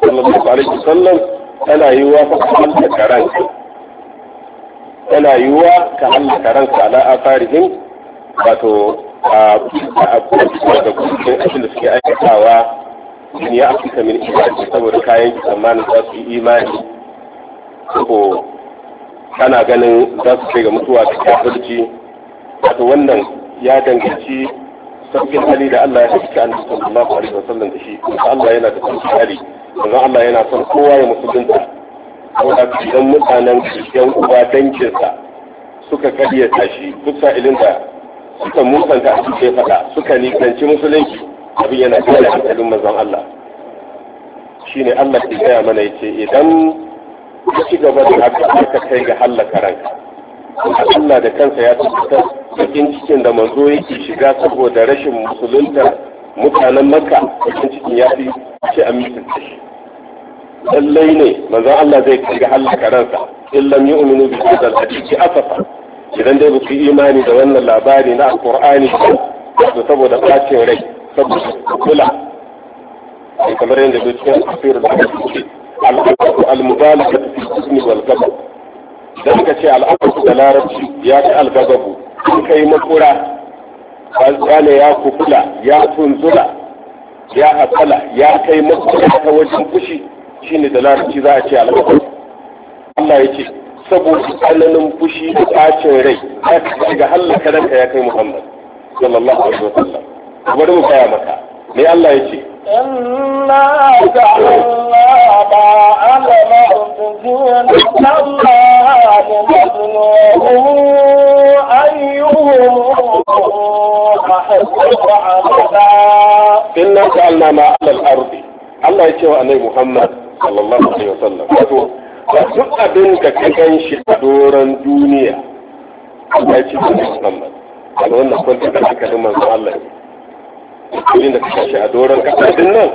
sallallahu alaihi wasallam tana yiwa ka hallaka ranka tana wa ka hallaka ranka ala asarihim wato a da kusurin ashin da suke aikatawa in ya afirka min ibadi saboda kayan ki tsammanin za su yi imani ko kana ganin za su kai ga mutuwa da kafirci wato wannan ya danganci sabbin hali da Allah ya haske an sallallahu alaihi wasallam da shi kuma Allah yana da sauƙin hali kuma Allah yana son kowa ya musulunta ko da idan mutanen yan uwa dankinsa suka karyata tashi duk sa'ilin da suka musanta a cikin faɗa suka nisanci musulunci abin yana kare cikin mazan Allah shine Allah ke gaya mana yace idan ka ci gaba da haka aka kai ga hallaka ranka Allah da kansa ya tabbatar bakin cikin da manzo yake shiga saboda rashin musulunta mutanen Makka bakin cikin ya fi ce a mutunta shi lallai ne manzon Allah zai kai ga hallaka ransa illam yu'minu bi hadal hadisi asafa idan dai ku imani da wannan labari na alqur'ani to saboda bacin rai saboda kula kamar yadda bai cikin tafiyar da ta ce al-mubalaka fi hukmi wal ghadab dan ka ce al'abu da larabci ya ci al-ghadabu in kai makura kwane ya kufula ya tunzula ya asala ya kai makura ta wajen fushi shine da larabci za a ce al-ghadab Allah ya ce saboda tsananin fushi da bacin rai ya shiga halaka ranka ya kai Muhammad sallallahu alaihi wasallam bari mu kaya maka me Allah ya ce inna ja'alna ala ma tujin ardi Allah ya ce wa annabi Muhammad sallallahu alaihi wasallam wato duk abin da ka ganshi a duniya Allah ya ce wa Muhammad wannan da aka Allah da ka kashe a doron kasa din nan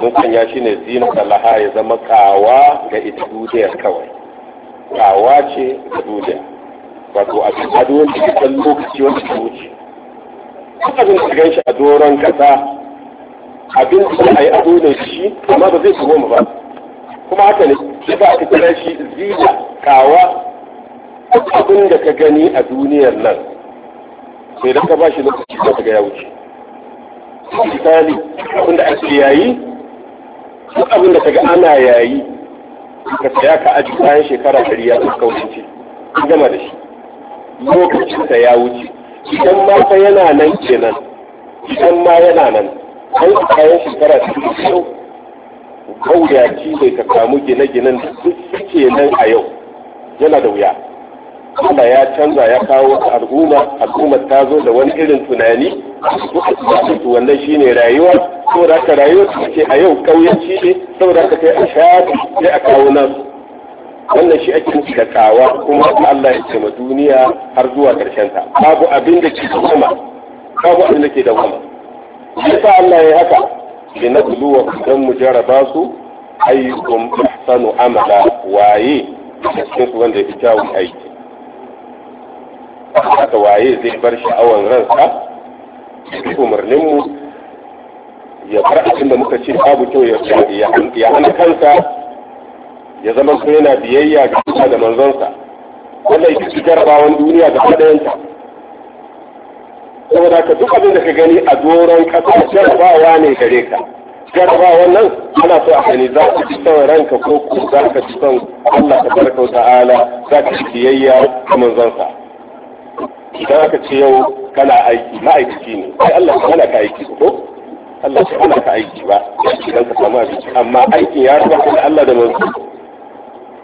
mun sanya shi ne zina laha ya zama kawa ga ita dudiya kawai kawa ce ga dudiya wato a cikin adon wanda ke kan lokaci wanda ta wuce duk abin da gan shi a doron kasa abin da ya yi ado ne shi amma ba zai goma ba kuma haka ne shi ba a kira shi zina kawa abin da ka gani a duniyar nan sai da ka ba shi lokaci da ga ya wuce misali abin da ake yayi duk abin da ga ana yayi ka saya ka aji bayan shekara ta riya suka wuce an gama da shi lokacin sa ya wuce idan ma fa yana nan kenan idan ma yana nan an bayan shekara ɗari kyau, mawuyaci bai ka samu gine-ginen da suke nan a yau yana da wuya Allah ya canza ya kawo al'umma al'umma ta zo da wani irin tunani to wannan shine rayuwa da ka rayuwa ce a yau kauyanci ne saboda ka kai a shafi sai a kawo nan wannan shi ake nufi da kawa kuma Allah ya ce ma duniya har zuwa ƙarshen ta babu abin da ke dawama babu abin da ke dawama yasa Allah ya haka linabluwa dan mu jaraba su ayyukum ahsanu amala waye cikin su wanda ya fi aiki haka waye zai bar sha'awar ransa umarninmu ya bar abin da muka ce babu kyau ya hana kansa ya zama su yana biyayya ga Allah da manzonsa wanda ita ce jarabawan duniya ga fadayanta saboda ka duk abin da ka gani a doron kasa jarabawa ne gare ka jarabawan nan ana so a gani za ka ci son ranka ko za ka ci son Allah tabaraka wa ta'ala za ka ci biyayya ga manzonsa idan aka ce yau kana aiki ma'aikaci ne Ai Allah ka hana ka aiki ko Allah ka hana ka aiki ba idan ka samu abinci amma aikin ya raba kan Allah da manzo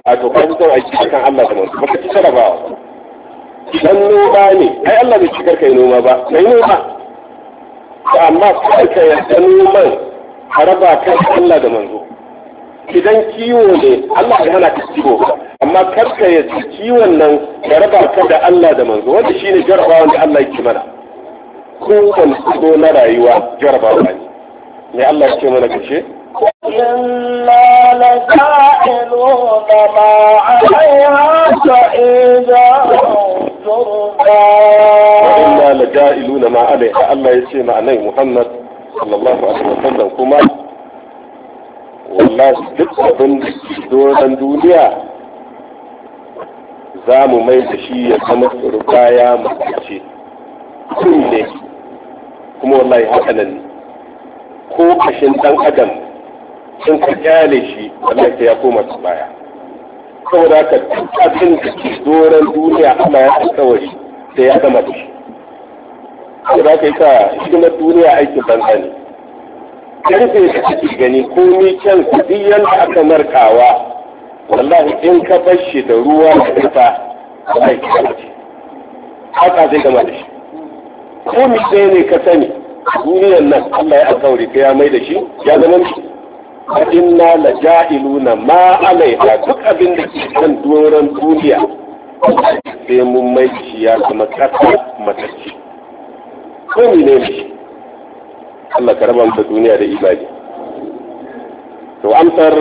a to ka zama aiki kan Allah da manzo baka ci ba. idan noma ne ai Allah bai cikar kai noma ba kai noma amma kai ka yarda noman haraba kan Allah da manzo idan kiwo ne Allah ya hana ka kiwo amma karka ya ci kiwon nan ya raba ka da Allah da manzo wanda shine jarabawa da Allah yake mana ko kowane so na rayuwa jarabawa ne me Allah ya mana kace إنا لسائلون ما عليها سعيدا تربا وإنا لجائلون ما عليها الله يسمع عليه محمد صلى الله عليه وسلم كما wallahi duk abin doron duniya za mu mai da shi ya zama rukaya mace kun ne kuma wallahi haka nan ne ko kashin dan adam sun ka kyale shi wallahi ya koma su baya saboda ka duk abin da ke doron duniya ana ya alkawari sai ya zama da shi saboda haka ita hidimar duniya aikin banza ne karfe da kake gani ko ni can duk yanda aka narkawa wallahi in ka bashi da ruwa da ƙarfa wallahi ka mace haka zai gama da shi ko mi ɗaya ne ka sani duniyan nan Allah ya alƙawari ka ya mai da shi ya zama shi. fa inna la ja'iluna ma alaiha duk abin da ke kan doron duniya sai mun mai shi ya kuma kasa matacci ko mi ne shi Allah ka raba mu duniya da imani to amsar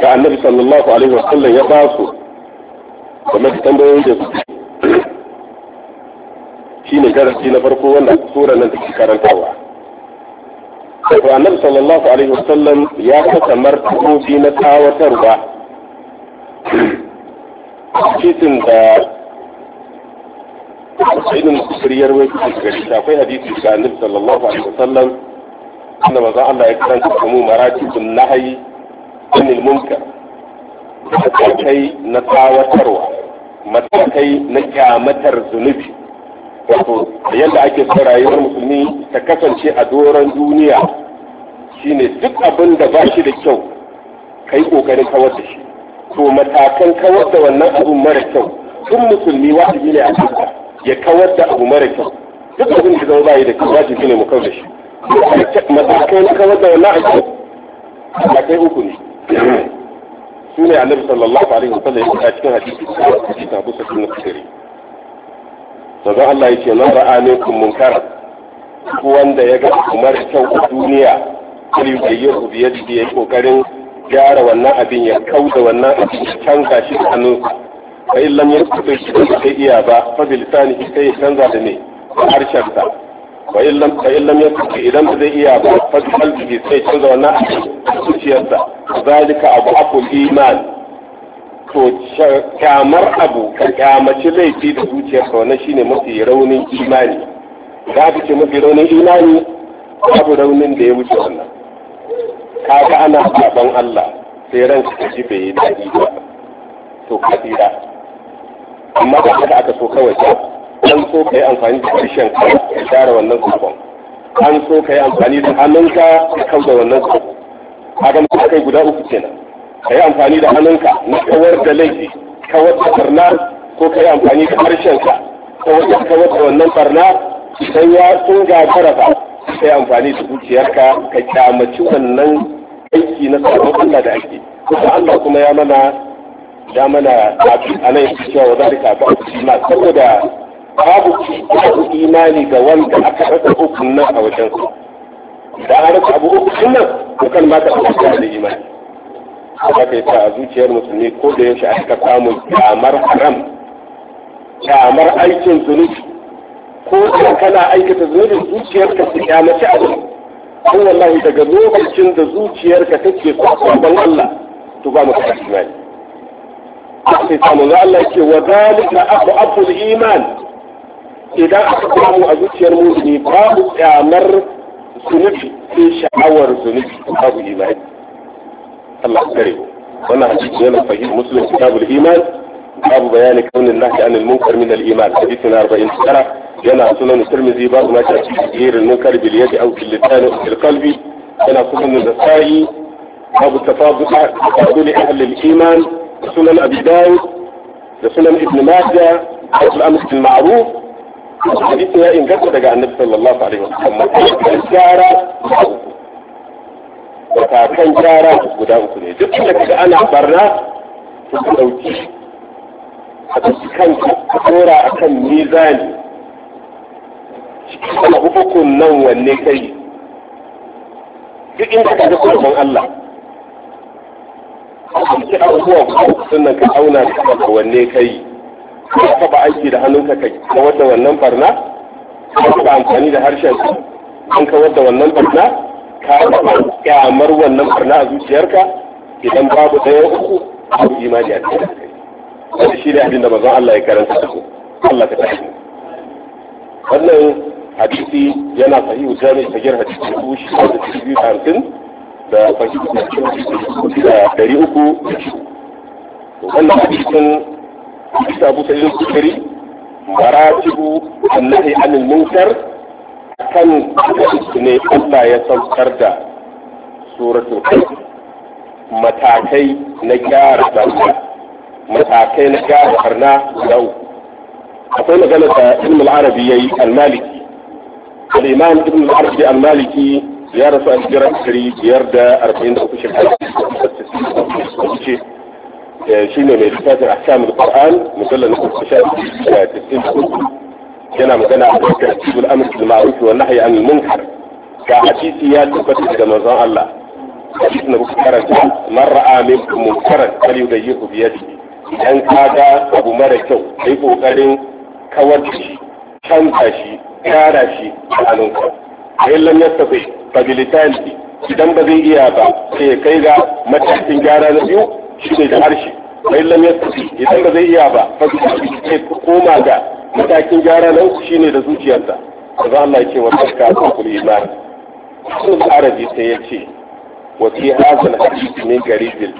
da annabi sallallahu alaihi wasallam ya ba su game da tambayoyin da su shi ne darasi na farko wanda sura nan take karantawa to annabi sallallahu alaihi wasallam ya kasa martabobi na tawatarwa cikin da سيد المسكر يروي كذا في حديث عن النبي صلى الله عليه وسلم أن ما الله يكرم تقوموا مراتب النهي عن المنكر matakai na tsawatarwa matakai na kyamatar zunubi wato yadda ake son rayuwar musulmi ta kasance a doron duniya shine duk abin da ba shi da kyau kai yi ƙoƙarin kawar da shi to matakan kawar da wannan abin mara kyau tun musulmi wajibi ne a cikin ya kawar da abu mara kyau duk abin da zama bayi da kyau jiki ne mu kawar da shi matakai na kawar da wannan aiki matakai uku ne su ne annabi sallallahu alaihi wasallam ya faɗa cikin hadisi da cikin abu sabbin na kusuri sabon Allah ya ce ba ra'a minkum munkara wanda ya ga abu mara kyau a duniya kali bayyana biyar da ya kokarin gyara wannan abin ya da wannan abin ya canza shi da hannunsa fa in lam yastati idan ba iya ba fa bil lisanihi sai canza da ne harshen sa fa in lam fa in lam yastati idan zai iya ba fa bi qalbihi sai ya canza wannan ta zalika abu abu iman to kyamar abu ka kyamaci laifi da ka wannan shine mafi raunin imani ka fice mafi raunin imani babu raunin da ya wuce wannan kaga ana saban Allah sai ranka ka ji bai yi daɗi ba to ka tsira amma ba haka aka so kawai ba an so ka yi amfani da harshen ka ya share wannan sabon an so ka yi amfani da hannunka ka kau da wannan a ga mutum kai guda uku kenan ka yi amfani da hannunka na kawar da laifi kawar da barna ko ka yi amfani da harshen ka kawar da kawar da wannan barna sai ya tsunga karafa sai amfani da zuciyarka ka kyamaci wannan aiki na sabon Allah da ake kuma Allah kuma ya mana ya mana tafi a nan cewa wa zalika ba ku iman saboda babu babu imani ga wanda aka rasa hukun nan a wajen su da an rasa abu hukun nan to kan ma ka rasa da imani haka kai sa a zuciyar musulmi ko da yaushe a cika samun kyamar haram kyamar aikin zunubi ko da kana aikata zunubin zuciyarka su kyamaci abin ko wallahi daga lokacin da zuciyarka take kwakwaban Allah to ba mu ka imani sai samu da Allah yake wa zalika aku abul iman idan aka samu a zuciyar mu'mini babu kyamar zunubi sai sha'awar zunubi babu imani Allah kare mu wannan hadisi yana fahim muslim kitabul iman babu bayani kaunin nahi anil munkar min al iman hadisi na 49 yana sunan tirmidhi babu ma ta cikin jerin munkar bil yadi aw bil lisan aw bil qalbi yana sunan nasa'i babu tafadul ahli al iman da sunan abi dawud da sunan ibn majah da al-amr bil ma'ruf hadisi ya inganta daga annabi sallallahu alaihi wasallam kan gyara da kan gyara guda uku ne duk da kaga ana barna to ku dauki a cikin ka tsora akan mizani cikin hukun nan wanne kai duk inda ka ga kurban Allah ɗauki abubuwa ko sannan ka auna da wanne ka yi ka taɓa aiki da hannunka ka kawar da wannan barna ka taɓa amfani da harshen ka an kawar da wannan barna ka taɓa kyamar wannan barna a zuciyarka idan babu ɗaya uku babu imani a cikin kai wanda shi ne abin da mazan Allah ya karanta da su Allah ka tashi wannan hadisi yana sahihu jami'i sagir hadisi 2250 da ɗari uku wannan hadisin bisa abu sa'ilin kukari maratibu annahi anil munkar kan kasu ne Allah ya saukar da suratul kafir matakai na gyara barna matakai na gyara barna lau akwai magana da ilmul arabi yayi al-maliki al-imam ibn al-arabi al-maliki ya rasu a jiran kari biyar da arba'in da uku shekara ce eh, shi ne mai littafin a shamun ƙar'an musallar na kusa sha da tisin yana magana a kan tartibul amr da ma'ruf wa nahyi anil munkar ga hadisi ya tabbata daga manzon Allah hadisi na kuka karanta man ra'a minkum munkaran falyughayyihu bi yadihi idan ka ga abu mara kyau kai kokarin kawar da shi canza shi gyara shi a hannunka a yin lam yastafi fabilitani idan ba zai iya ba sai ya kai ga matakin gyara na biyu shi ne da harshe fa in lam yastafi idan ba zai iya ba fa sai koma ga matakin gyara na uku shine da zuciyarsa kaza Allah ya ce wa barka ta kul iman sun arabi sai ya ce wa fi hadal hadith min garibil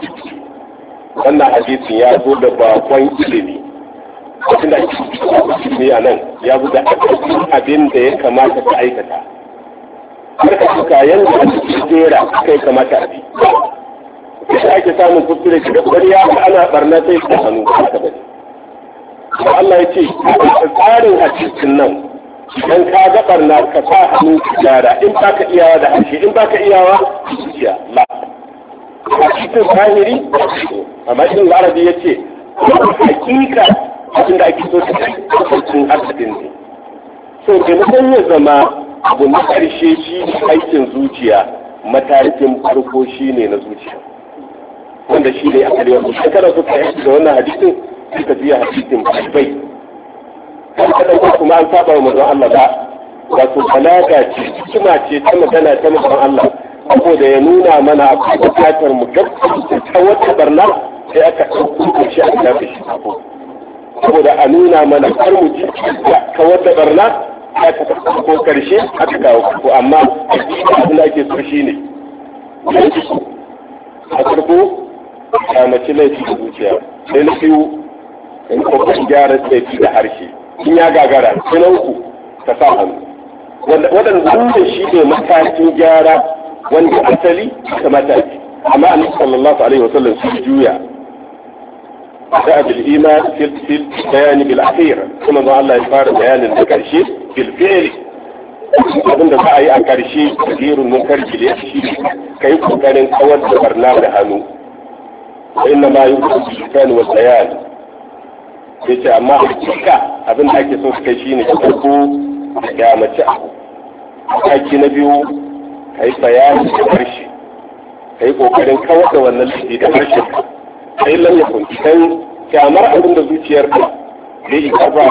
wannan hadisin ya zo da bakon ilimi wanda da ne a nan ya zo da abin da ya kamata ka aikata harka suka yanzu a cikin jera kai kamata a bi da ake samun kuskure shiga ƙwariya ana barna sai ta hannu haka bari. Ba Allah ya ce tsarin a cikin nan idan ka ga barna ka sa hannu ka gyara in ba ka iyawa da harshe in ba ka iyawa jiya la a cikin zahiri amma idan larabi ya ce hakika abin da ake so ta cikin arzikin ne so maimakon ya zama abu na ƙarshe shi aikin zuciya matakin farko shi ne na zuciya wanda shi ne a akali wanda shekara suka yi da wannan hadisin suka biya hadisin bai kan kaɗan ko kuma an saba wa mazan Allah ba wato balaga ce hikima ce ta magana ta mazan Allah saboda ya nuna mana a buƙatar mu gaskata ta wata barna sai aka ɗauko shi a gaban shi saboda a nuna mana har mu ji ta wata barnar ya tafi ko karshe aka kawo ko amma abin da ake so shi ne a farko mace laifi da zuciya sai na biyu in kokarin gyara laifi da harshe in ya gagara sai na uku ta sa hannu waɗanda wannan shi ne matakin gyara wanda asali kamata amma annabi sallallahu alaihi wasallam su juya بدأ بالإيمان في في البيان بالأخير ثم الله يفار بيان الكرشي بالفعل abin da za a yi a ƙarshe tasirin munkar gile shi ka yi ƙoƙarin kawar da barna da hannu wa inna ma yi kusa kan wa yari. ya ce amma hakika abin da ake so su kai shi ne ka farko da mace abu mataki na biyu ka yi bayani da harshe ka yi ƙoƙarin kawar da wannan lafi da harshen sai lam yakun idan kyamar abin da zuciyarka bai yi karba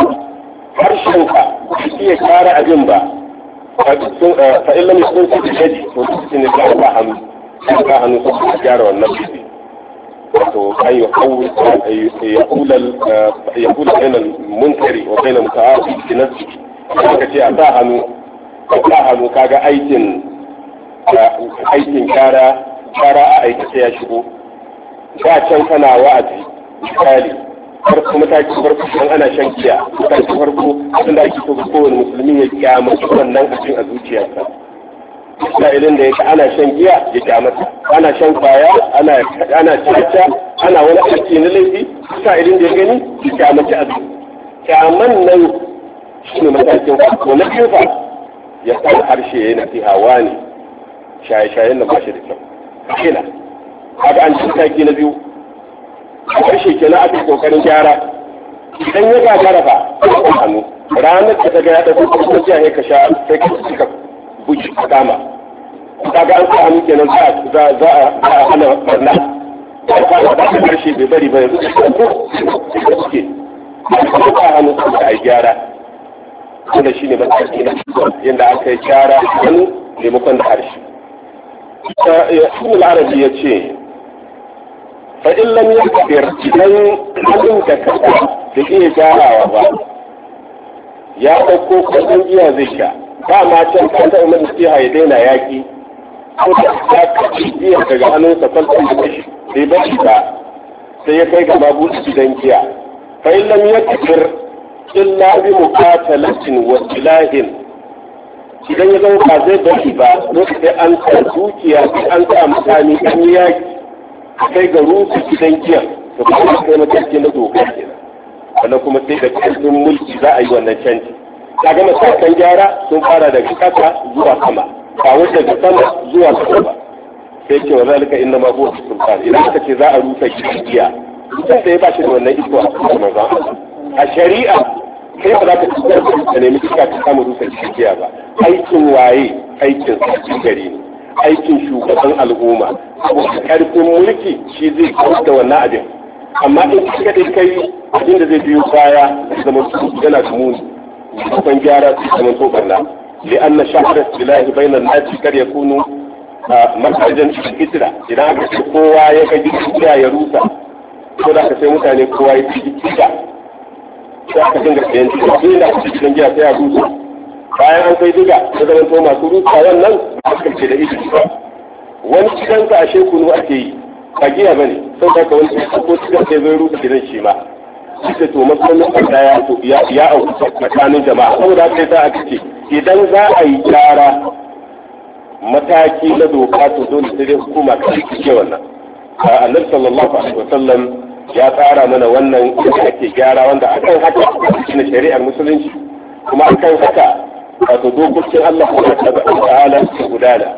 harshenka bai iya kara abin ba fa in lam yakun sai kaji to sai ne ka ba hannu ka hannu sai gyara wannan bibi wato kai ya kawo ya kula ya kula bain al-munkari wa bain al-muta'ati fi nafsi kaga ce a sa hannu a sa hannu kaga aikin aikin kara kara a aikace ya shigo ba can kana wa'azi misali farko mataki farko kan ana shan giya mataki farko abin da ake so ga kowane musulmi ya kyamata wannan abin a zuciyarsa isra'ilin da yake ana shan giya ya kyamata ana shan kwaya ana ana caca ana wani aiki na laifi isra'ilin da ya gani ya kyamata a kyaman nan shi ne matakin farko na biyu fa ya san harshe ya yi nasiha wani shaye-shayen da ba shi da kyau haka an ci taki na biyu a ƙarshe ke na ake ƙoƙarin gyara idan ya ga gagara ba a hannu ranar da ta ga ya ɗauko kuma jiya ka sha sai ka ci ka buci a kama ta ga an sa hannu nan za a hana barna ta fara da ta ƙarshe bai bari ba yanzu ko suke ta hannu kuma a gyara wanda shi ne mataki na yadda aka yi gyara hannu maimakon da harshe. Eh, Ibn al-Arabi ya ce fa in lam yaqdir idan halin ka kada da iya gyarawa ba ya ɗauko kuɗin iya zai sha ba ma can ka ta umar nasiha ya daina yaƙi ko ta ya kaci iya daga hannunsa kwalton da kashi bai bashi ba sai ya kai gaba buɗe gidan giya fa in lam yaqdir illa bi muqatalatin wa ilahin idan ya zauka zai bari ba lokacin an sa dukiya an sa mutane an yi yaki ka kai ga rusa gidan giyan da kuma kai mataki na doka kenan sannan kuma sai da karfin mulki za a yi wannan canji ta gama sakan gyara sun fara daga kasa zuwa sama ba wai daga sama zuwa sama ba sai ce wa zalika inna ma huwa sultan idan aka ce za a rusa gidan giya sai da ba shi da wannan iko a cikin manzon a shari'a kai ba za ka cutar da nemi kika ka samu rusa gidan giya ba aikin waye aikin sarki gari ne aikin shugaban al'umma saboda karfin mulki shi zai kawo da wannan abin amma in kika da kai abin da zai biyo baya zama yana da muni kan gyara su zama to barna li anna shahra billahi bayna an-nas kar yakunu marhajan fitra idan aka ce kowa ya ga gidiya ya rusa ko da ka sai mutane kowa ya ci gidiya ko aka dinga sayan gidiya sai da gidiya sai ya rusa bayan an kai daga ta zama to masu rufa wannan kasance da ita wani ka a kunu ake yi ba giya ba ne sau da ka wani ko cikin ka zai rufa gidan shi ma cikin to matsalolin kwanta ya to ya auku tsakanin jama'a saboda haka za a ce idan za a yi gyara mataki na doka to dole sai dai hukuma ta ke wannan annabi sallallahu alaihi wasallam ya tsara mana wannan ake gyara wanda akan haka na shari'ar musulunci kuma akan haka wato dokokin Allah subhanahu wa ta'ala su gudana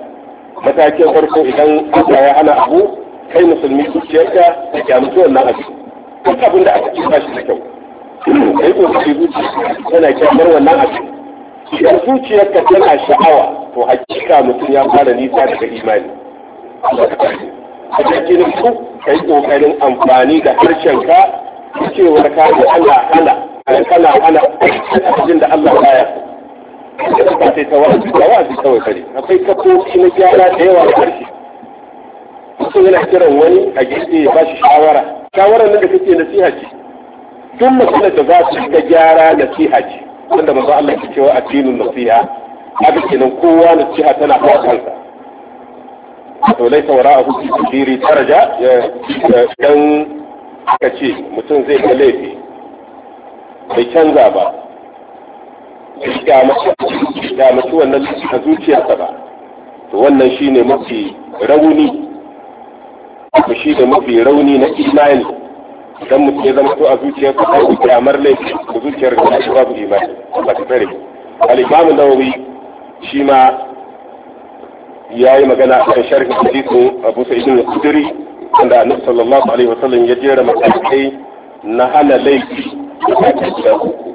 matakin farko idan Allah ya hana abu kai musulmi zuciyarka da mutu wannan abu duk abin da aka kifa shi da kyau kai kokari zuciyarka tana kyamar wannan abu idan zuciyarka tana sha'awa to hakika mutum ya fara nisa daga imani a cikin su kai kokarin amfani da harshenka cewar ka da Allah hana kana hana jin da Allah baya ba sai kawai gyara da yawa a harshe mutum yana kiran wani a gefe ya bashi shawara shawarar nan da kake nasiha ce duk da za su ga gyara nasiha ce wanda addinin nasiha haka kenan kowa nasiha tana kawo kansa to laisa wara'ahu fi daraja ce mutum zai ga laifi bai canza ba ya mutu wannan a zuciyarsa ba to wannan shine mafi rauni ku shi da mafi rauni na imani don mutum ya zama to a zuciyarsa ko kyamar laifi da zuciyar da shi babu imani ba ta tsare al-Imam shi ma ya yi magana a kan sharhi hadisin Abu Sa'id al kudiri wanda Annabi sallallahu alaihi wasallam ya jera matakai na hana laifi da uku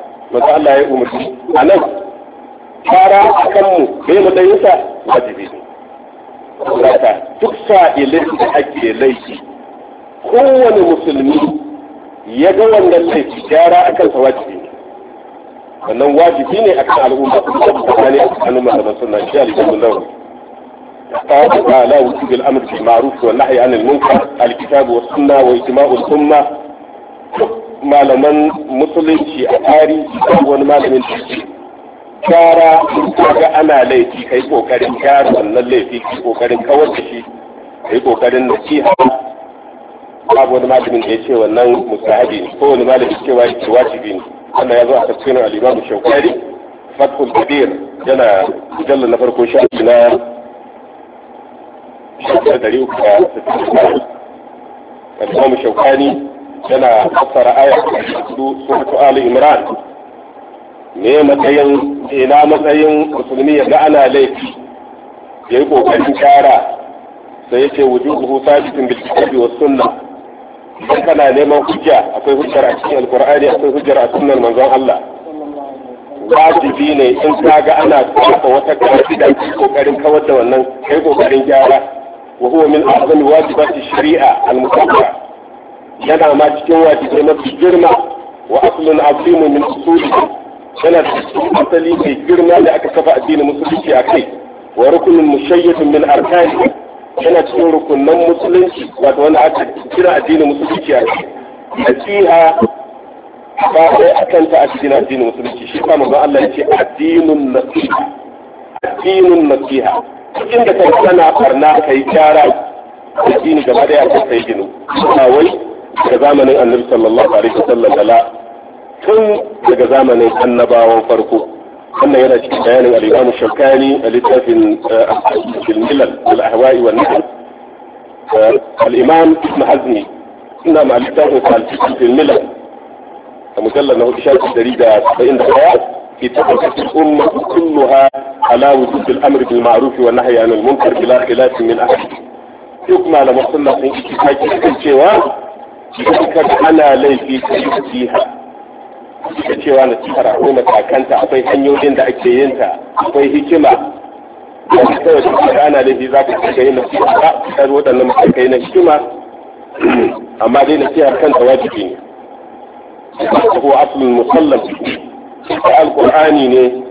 manzo Allah ya umarci a nan fara a kanmu bai matsayinsa wajibi ne saboda duk sa'ilin da ake laifi kowane musulmi ya ga wannan laifi gyara akan sa wajibi ne wannan wajibi ne akan al'umma kuma da tsakani a tsakanin malaman sunna shi alijan nawawi قال تعالى وجوب الامر بالمعروف والنهي عن المنكر الكتاب والسنه واجماع الامه malaman musulunci a tarihi kan wani malamin tarihi gyara ga ana laifi kai kokarin gyara wannan laifi kai kokarin kawar da shi kai kokarin nasiha babu wani malamin da ya ce wannan musahabi ne ko wani malamin cewa ya ce wajibi ne wannan ya zo a tafsirin al-Imam Shawkari Fathul Qadir yana mujallal na farko shafi na shafin 365 al-Imam Shawkani yana fassara aya su suratu ali imran ne matsayin ina matsayin musulmi ya ga ana laifi ya yi kokarin kyara sai yace wujuhu sabitin bil kitabi was sunnah idan kana neman hujja akwai hujjar a cikin alqur'ani akwai hujjar a sunnar manzon Allah wajibi ne in ka ga ana kafa wata karfi da kokarin kawar da wannan kai kokarin gyara wa huwa min a'zami wajibati shari'a al-mutakka yana ma cikin wajibai mafi girma wa asalin azimu min usuli yana cikin asali mai girma da aka kafa addinin musulunci a kai wa rukunin mushayyatun min arkani yana cikin rukunan musulunci wato wanda aka kira addinin musulunci a kai nasiha ba sai akan ta a cikin addinin musulunci shi kuma manzo Allah yace addinun nasiha addinun nasiha cikin da kana barna kai gyara addini gaba da ya kai ginu ba daga zamanin annabi sallallahu alaihi wasallam da la tun daga zamanin annabawan farko wannan yana cikin bayanin al-Imam Shawkani a littafin al-Milal al-Ahwa'i wa Nahl al-Imam Ibn Hazm inna ma littafin al-Milal a mujallar na hudu shafi dari da saba'in da daya في تفرقة الأمة كلها على وجود الأمر بالمعروف والنهي عن المنكر بلا خلاف من أحد. يكمل مصنف في اتفاق الشيوخ cikinka ana laifi ka yi jiha da cewa nasihar akwai matakanta akwai hanyoyin da ake yin ta akwai hikima da su kawai su ana laifi za ka ga yin nasiha ba ta waɗannan matakai na hikima amma dai na nasihar kanta wajibi ne ko aslul musallam ta ne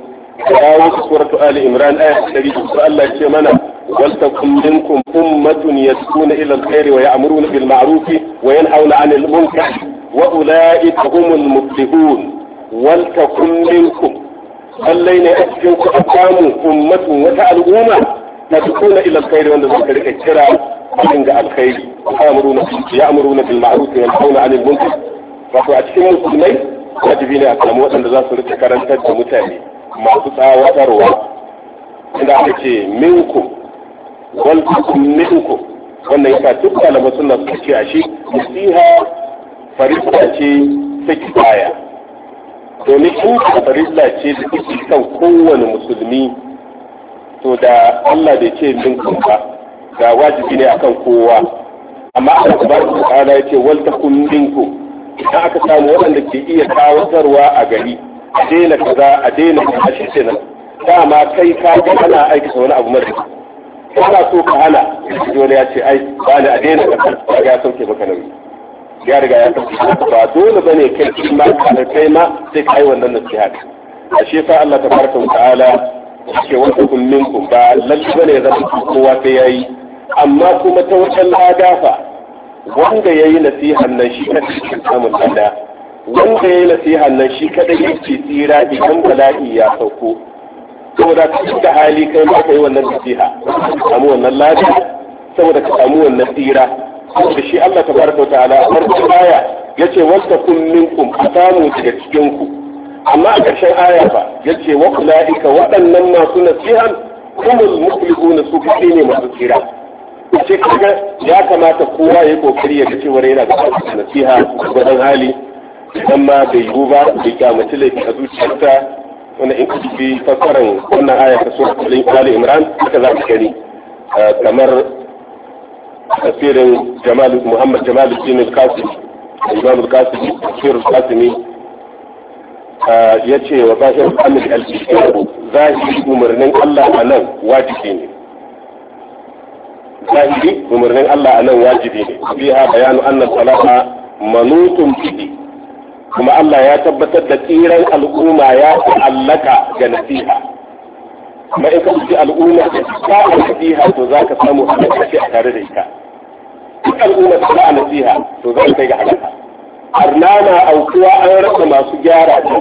dawo suratu ali imran aya 100 Allah ya ce mana ولتكن منكم أمة يسكون إلى الخير ويأمرون بالمعروف وينهون عن المنكر وأولئك هم المفلحون ولتكن منكم اللين أسكنك أقاموا أمة وتعلمون يسكون إلى الخير وأن ذكر كثيرا عند الخير ويأمرون يأمرون بالمعروف وينهون عن المنكر wato a cikin musulmai wajibi ne a samu waɗanda za su rika karantar da mutane masu tsawatarwa inda aka ce minku wal minku? wannan yasa duk malaman sunna suka ce a shi nasiha farilla ce ta kifaya domin in ka farilla ce da take kan kowane musulmi to da Allah bai ce minku ba ga wajibi ne akan kowa amma Allah tabaraka ta'ala yace wal takum minkum idan aka samu waɗanda ke iya tawatarwa a gari a daina kaza a daina kaza shi kenan dama kai ka ga ana aikata wani abu mara kana so ka hana wani ya ce ai ba ni a daina kaza ya sauke maka nauyi ya riga ya sauke ba dole bane kai kin ma kana kai ma sai kai wannan nasiha a shi sa Allah tabaraka wa ta'ala yake wata kun minkum ba lalle bane ya zama kowa sai yayi amma kuma ta wata lada wanda yayi nasihan nan shi kan samun lada wanda ya yi nasiha nan shi kadai yake tsira idan bala'i ya sauko saboda ka ci da hali kai ma ka yi wannan nasiha samu wannan ladi saboda ka samu wannan tsira saboda shi Allah Ta ta ta'ala a farkon aya yace wasta kun minkum a samu daga cikin ku amma a ƙarshen aya ba ce wa ulaika waɗannan masu nasihan kumul na su kuɗi ne masu tsira ce kaga ya kamata kowa ya yi kokari ya ga cewa yana da nasiha gwadon hali idan ma bai yiwu ba da kyamaci laifi a zuciyarsa wanda in ka dubi fassarar wannan aya ta sura Ali Imran haka za ka gani ah, kamar tafsirin Jamal Muhammad Jamal Ibn al-Qasim Imam al-Qasim tafsir al ah, ya ce wa zahir amil al-kitab zahiri umarnin Allah a nan wajibi ne zahiri umarnin Allah a nan wajibi ne biha bayanu anna salata manutun bihi kuma Allah ya tabbatar da tsiran al'umma ya ta'allaka ga nasiha kuma in ka ji al'umma da ta nasiha to za ka samu halakaci a tare da ita duk al'umma da ta nasiha to za ka kai ga halaka arnana aukuwa an rasa masu gyara ta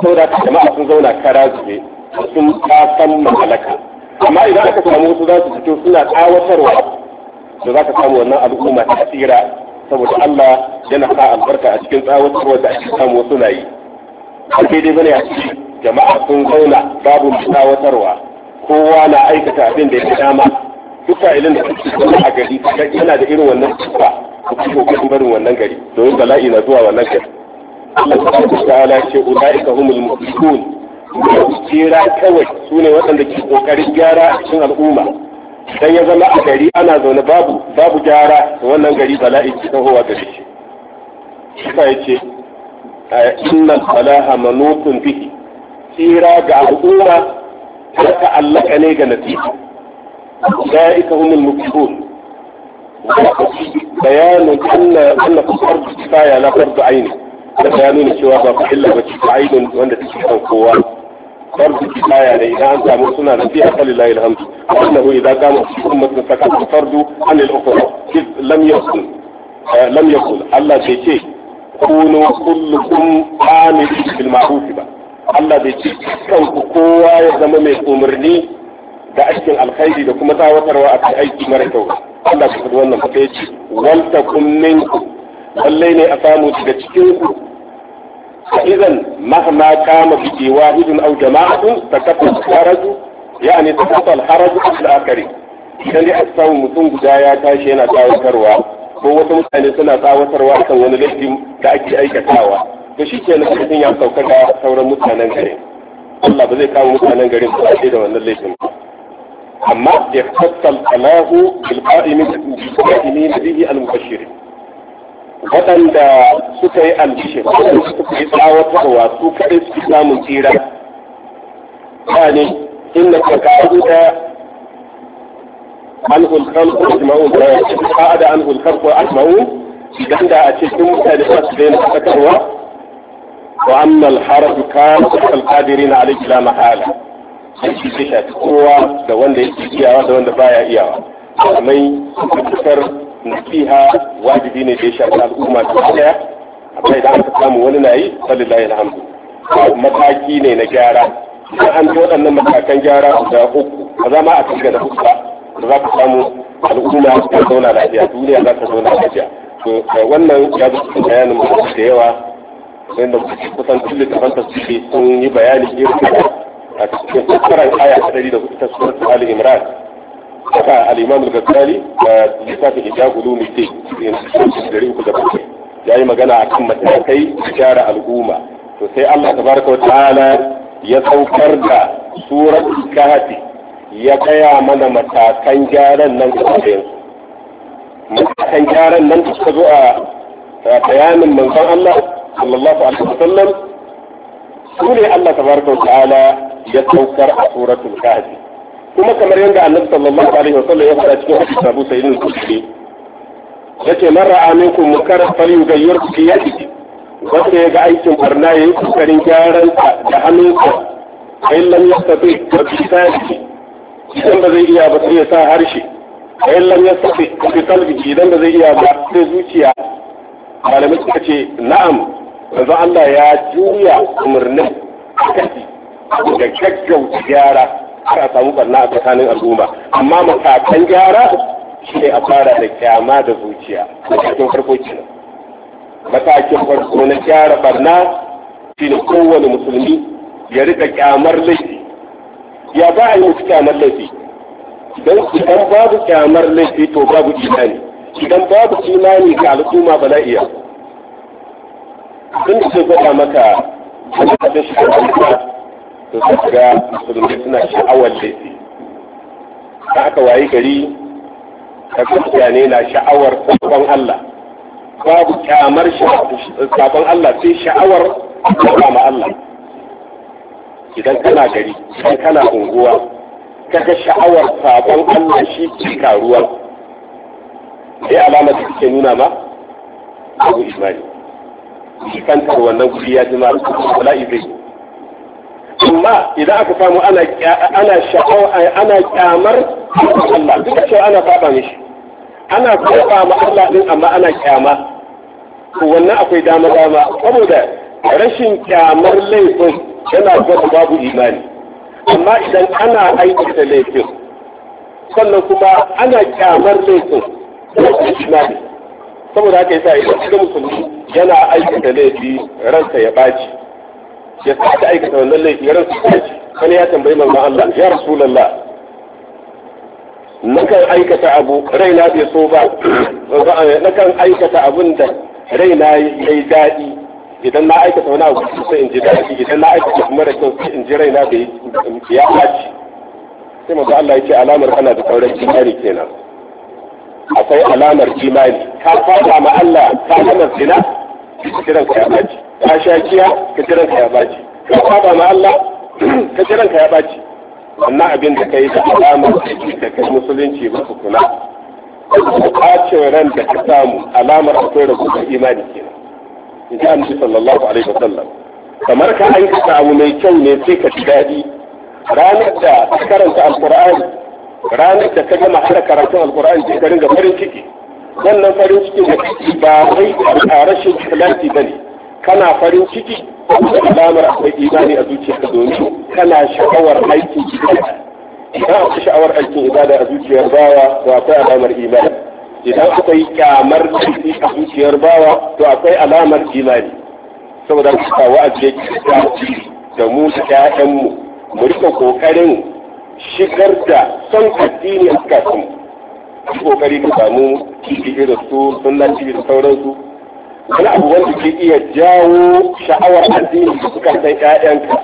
saboda jama'a sun zauna kara zube sun ta san mahalaka amma idan aka samu su za su fito suna tsawatarwa to za ka samu wannan al'umma ta tsira saboda Allah yana sa albarka a cikin tsawatarwa da ake samu wasu na yi a daidai bane a cikin jama'a sun zauna babu tsawatarwa kowa na aikata abin da ya dama duk fa'ilin da suke zama a gari yana da irin wannan sifa ku ci kokarin barin wannan gari domin bala'i na zuwa wannan gari Allah subhanahu ta'ala ce ulaika humul mu'minun kira kawai sune waɗanda ke kokarin gyara a cikin al'umma dan ya zama a gari ana zaune babu babu gyara wannan gari bala'i cikin howa gari shi shi yace inna salaha manutun bihi tsira ga al'umma ta ta'allaka ne ga da nasiha ulaika humul muflihun bayanin anna anna fardu ya na fardu aini da bayanin cewa ba ku illa ba ci aidin wanda take kan kowa fardu kifaya ne idan an samu suna da fi akali la ilhamdu annahu idza qama fi ummatin sakata fardu an al ukhra lam yakun eh, lam yakun Allah bai ce kunu kullukum amilin bil ma'ruf ba Allah bai ce kanku kowa ya zama mai umarni da aikin alkhairi da kuma tawatarwa a aiki mara kyau Allah ka faɗi wannan fa ya ce wal takum minkum lallai ne a samu daga cikin ku فإذا مهما قام به واحد أو جماعة تكفى الحرج يعني تكفى الحرج في الآخرين idan dai aka mutum guda ya tashi yana tsawatarwa ko wasu mutane suna tsawatarwa kan wani laifi da ake aikatawa to shi ke nan mutum ya sauka da sauran mutanen garin Allah ba zai kawo mutanen garin ba da laifin ba amma al mubashshirin waɗanda suka yi albishir waɗanda suka yi tsawatarwa su kaɗai suke samun tsira yani inda ka kawo da an hulkar ko asma'u ba da an hulkar ko asma'u idan da a cikin mutane ba su daina sakatarwa wa annal harafu kan alqadiri na alayhi la mahala sai shi ta kowa da wanda yake iyawa da wanda baya iyawa mai fitar nasiha wajibi ne da ya shafi al'umma ta daya kai da aka samu wani na yi salillahi alhamdu mataki ne na gyara idan an ji waɗannan matakan gyara da uku ba za ma a cika da uku ba za ka samu al'umma ta zauna lafiya duniya za ta zauna lafiya to eh, wannan ya zo cikin bayanin mu da yawa wanda kusan tun littafan tasiri sun yi bayani irin a cikin tsaron aya ta ɗari da ta surat al-imran haka al-imam al-ghazali da littafin ijab ulumuddin ya yi magana a akan matakai gyara al'umma to sai Allah tabaraka wa ta'ala ya saukar da surar kahfi ya kaya mana matakan gyaran nan gaba matakan gyaran nan da suka zo a bayanin manzon Allah sallallahu alaihi wasallam su ne Allah tabaraka wa ta'ala ya saukar a suratul kahfi kuma kamar yadda annabi sallallahu alaihi wasallam ya faɗa cikin hadisi Abu Sa'id al-Khudri yace man ra'a minkum munkaran falyughayyir bi yadihi wanda ya ga aikin barna yayin kokarin gyaran da hannunsa kai lam yastati wa bi sa'i idan ba zai iya ba sai ya sa harshe kai lam yastati wa bi qalbihi idan ba zai iya ba sai zuciya malamai suka ce na'am yanzu Allah ya juya umarnin da gaggauta gyara har a samu barna a tsakanin al'umma amma matakan gyara shi ne a fara da kyama da zuciya matakin farko kenan matakin farko na gyara barna shi ne kowane musulmi ya rika kyamar laifi ya ba a yi musu kyamar laifi don idan babu kyamar laifi to babu imani idan babu imani ga al'umma ba na iya tun da ke gwada maka a da shi to sai ga musulmi suna sha'awar laifi ta aka wayi gari ka ne na sha'awar sabon Allah babu kyamar sabon Allah sai sha'awar kama ma Allah idan kana gari idan kana unguwa kaga sha'awar sabon Allah shi ke karuwa sai alama da suke nuna ma abu imani kantar wannan kuri ya ji ma kuma la'ibai amma idan aka samu ana ana sha'awa ana kyamar Allah duka cewa ana saba mishi ana saba ma Allah din amma ana kyama to wannan akwai dama dama saboda rashin kyamar laifin yana gwada babu imani amma idan ana aikata laifin sannan kuma ana kyamar laifin imani saboda haka yasa idan musulmi yana aikata laifi ransa ya baci ya sa ta aikata wannan laifi ya rasu wani ya tambayi manzon Allah ya rasu lalla. Na kan aikata abu raina bai so ba na kan aikata abun da raina yi daɗi idan na aikata wani abu sai in ji daɗi idan na aikata kuma da kyau sai in ji raina bai ya ɓaci sai manzo Allah ya ce alamar kana da sauran imani kenan akwai alamar imani ka fada ma Allah ka hana zina kiran ka ya ɓaci ka sha giya ka ji ranka ya baci ka kwaba ma Allah ka ji ranka ya baci amma abin da kai da alamar da kai musulunci ba ku kula bacin ran da ka samu alamar akwai rabuwar imani kenan in ji annabi sallallahu alaihi wasallam kamar ka ka samu mai kyau ne sai ka ji daɗi ranar da ka karanta alqur'ani ranar da ka gama har karatun alqur'ani sai ka ringa farin ciki wannan farin cikin da ba wai a rashin ikhlasi bane kana farin ciki da alamar akwai imani a zuciyarka domin kana sha'awar aikin ibada idan akwai sha'awar aikin ibada a zuciyar bawa to akwai alamar imani idan akwai kyamar ciki a zuciyar bawa to akwai alamar imani saboda haka wa'azi yake da mu da ƴaƴanmu mu rika kokarin shigar da son addini a cikin mu kokari ka samu kiki da su sunan da sauransu wani abu wanda ke iya jawo sha'awar addini da suka sai ƴaƴanka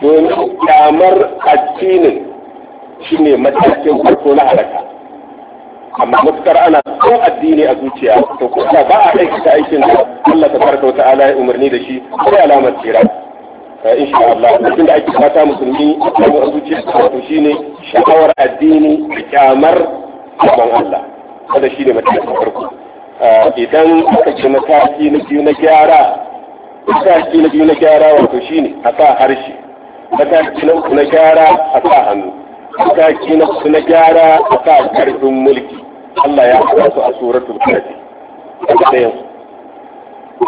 domin kyamar addinin shi ne matakin farko na halaka amma matukar ana son addini a zuciya to ko da ba a aikata aikin da Allah tabaraka wa ta'ala ya umarni da shi ko alamar tsira eh, insha Allah abin da ake fata musulmi a samu a zuciya to shine sha'awar addini da kyamar gaban Allah kada shi ne matakin farko idan aka ce mataki na biyu na gyara mataki na biyu na gyara wato shine a sa harshe mataki na uku na gyara a sa hannu mataki na uku na gyara a sa karfin mulki Allah ya haɗa su a suratul kafi daga ɗayan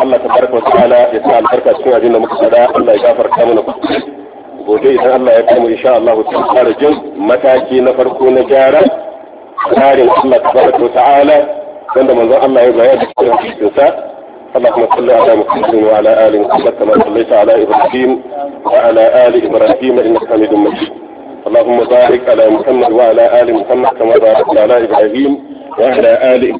Allah ta barka wa ta'ala ya sa albarka cikin abin da muka sada Allah ya gafarta mana kuskure gobe idan Allah ya kama insha Allah ta fara jin mataki na farko na gyara tsarin Allah ta barka wa ta'ala wanda manzon Allah ya bayar da cikin اللهم صل على محمد وعلى ال محمد كما صليت على ابراهيم وعلى ال ابراهيم انك حميد مجيد اللهم بارك على محمد وعلى ال محمد كما باركت على ابراهيم وعلى ال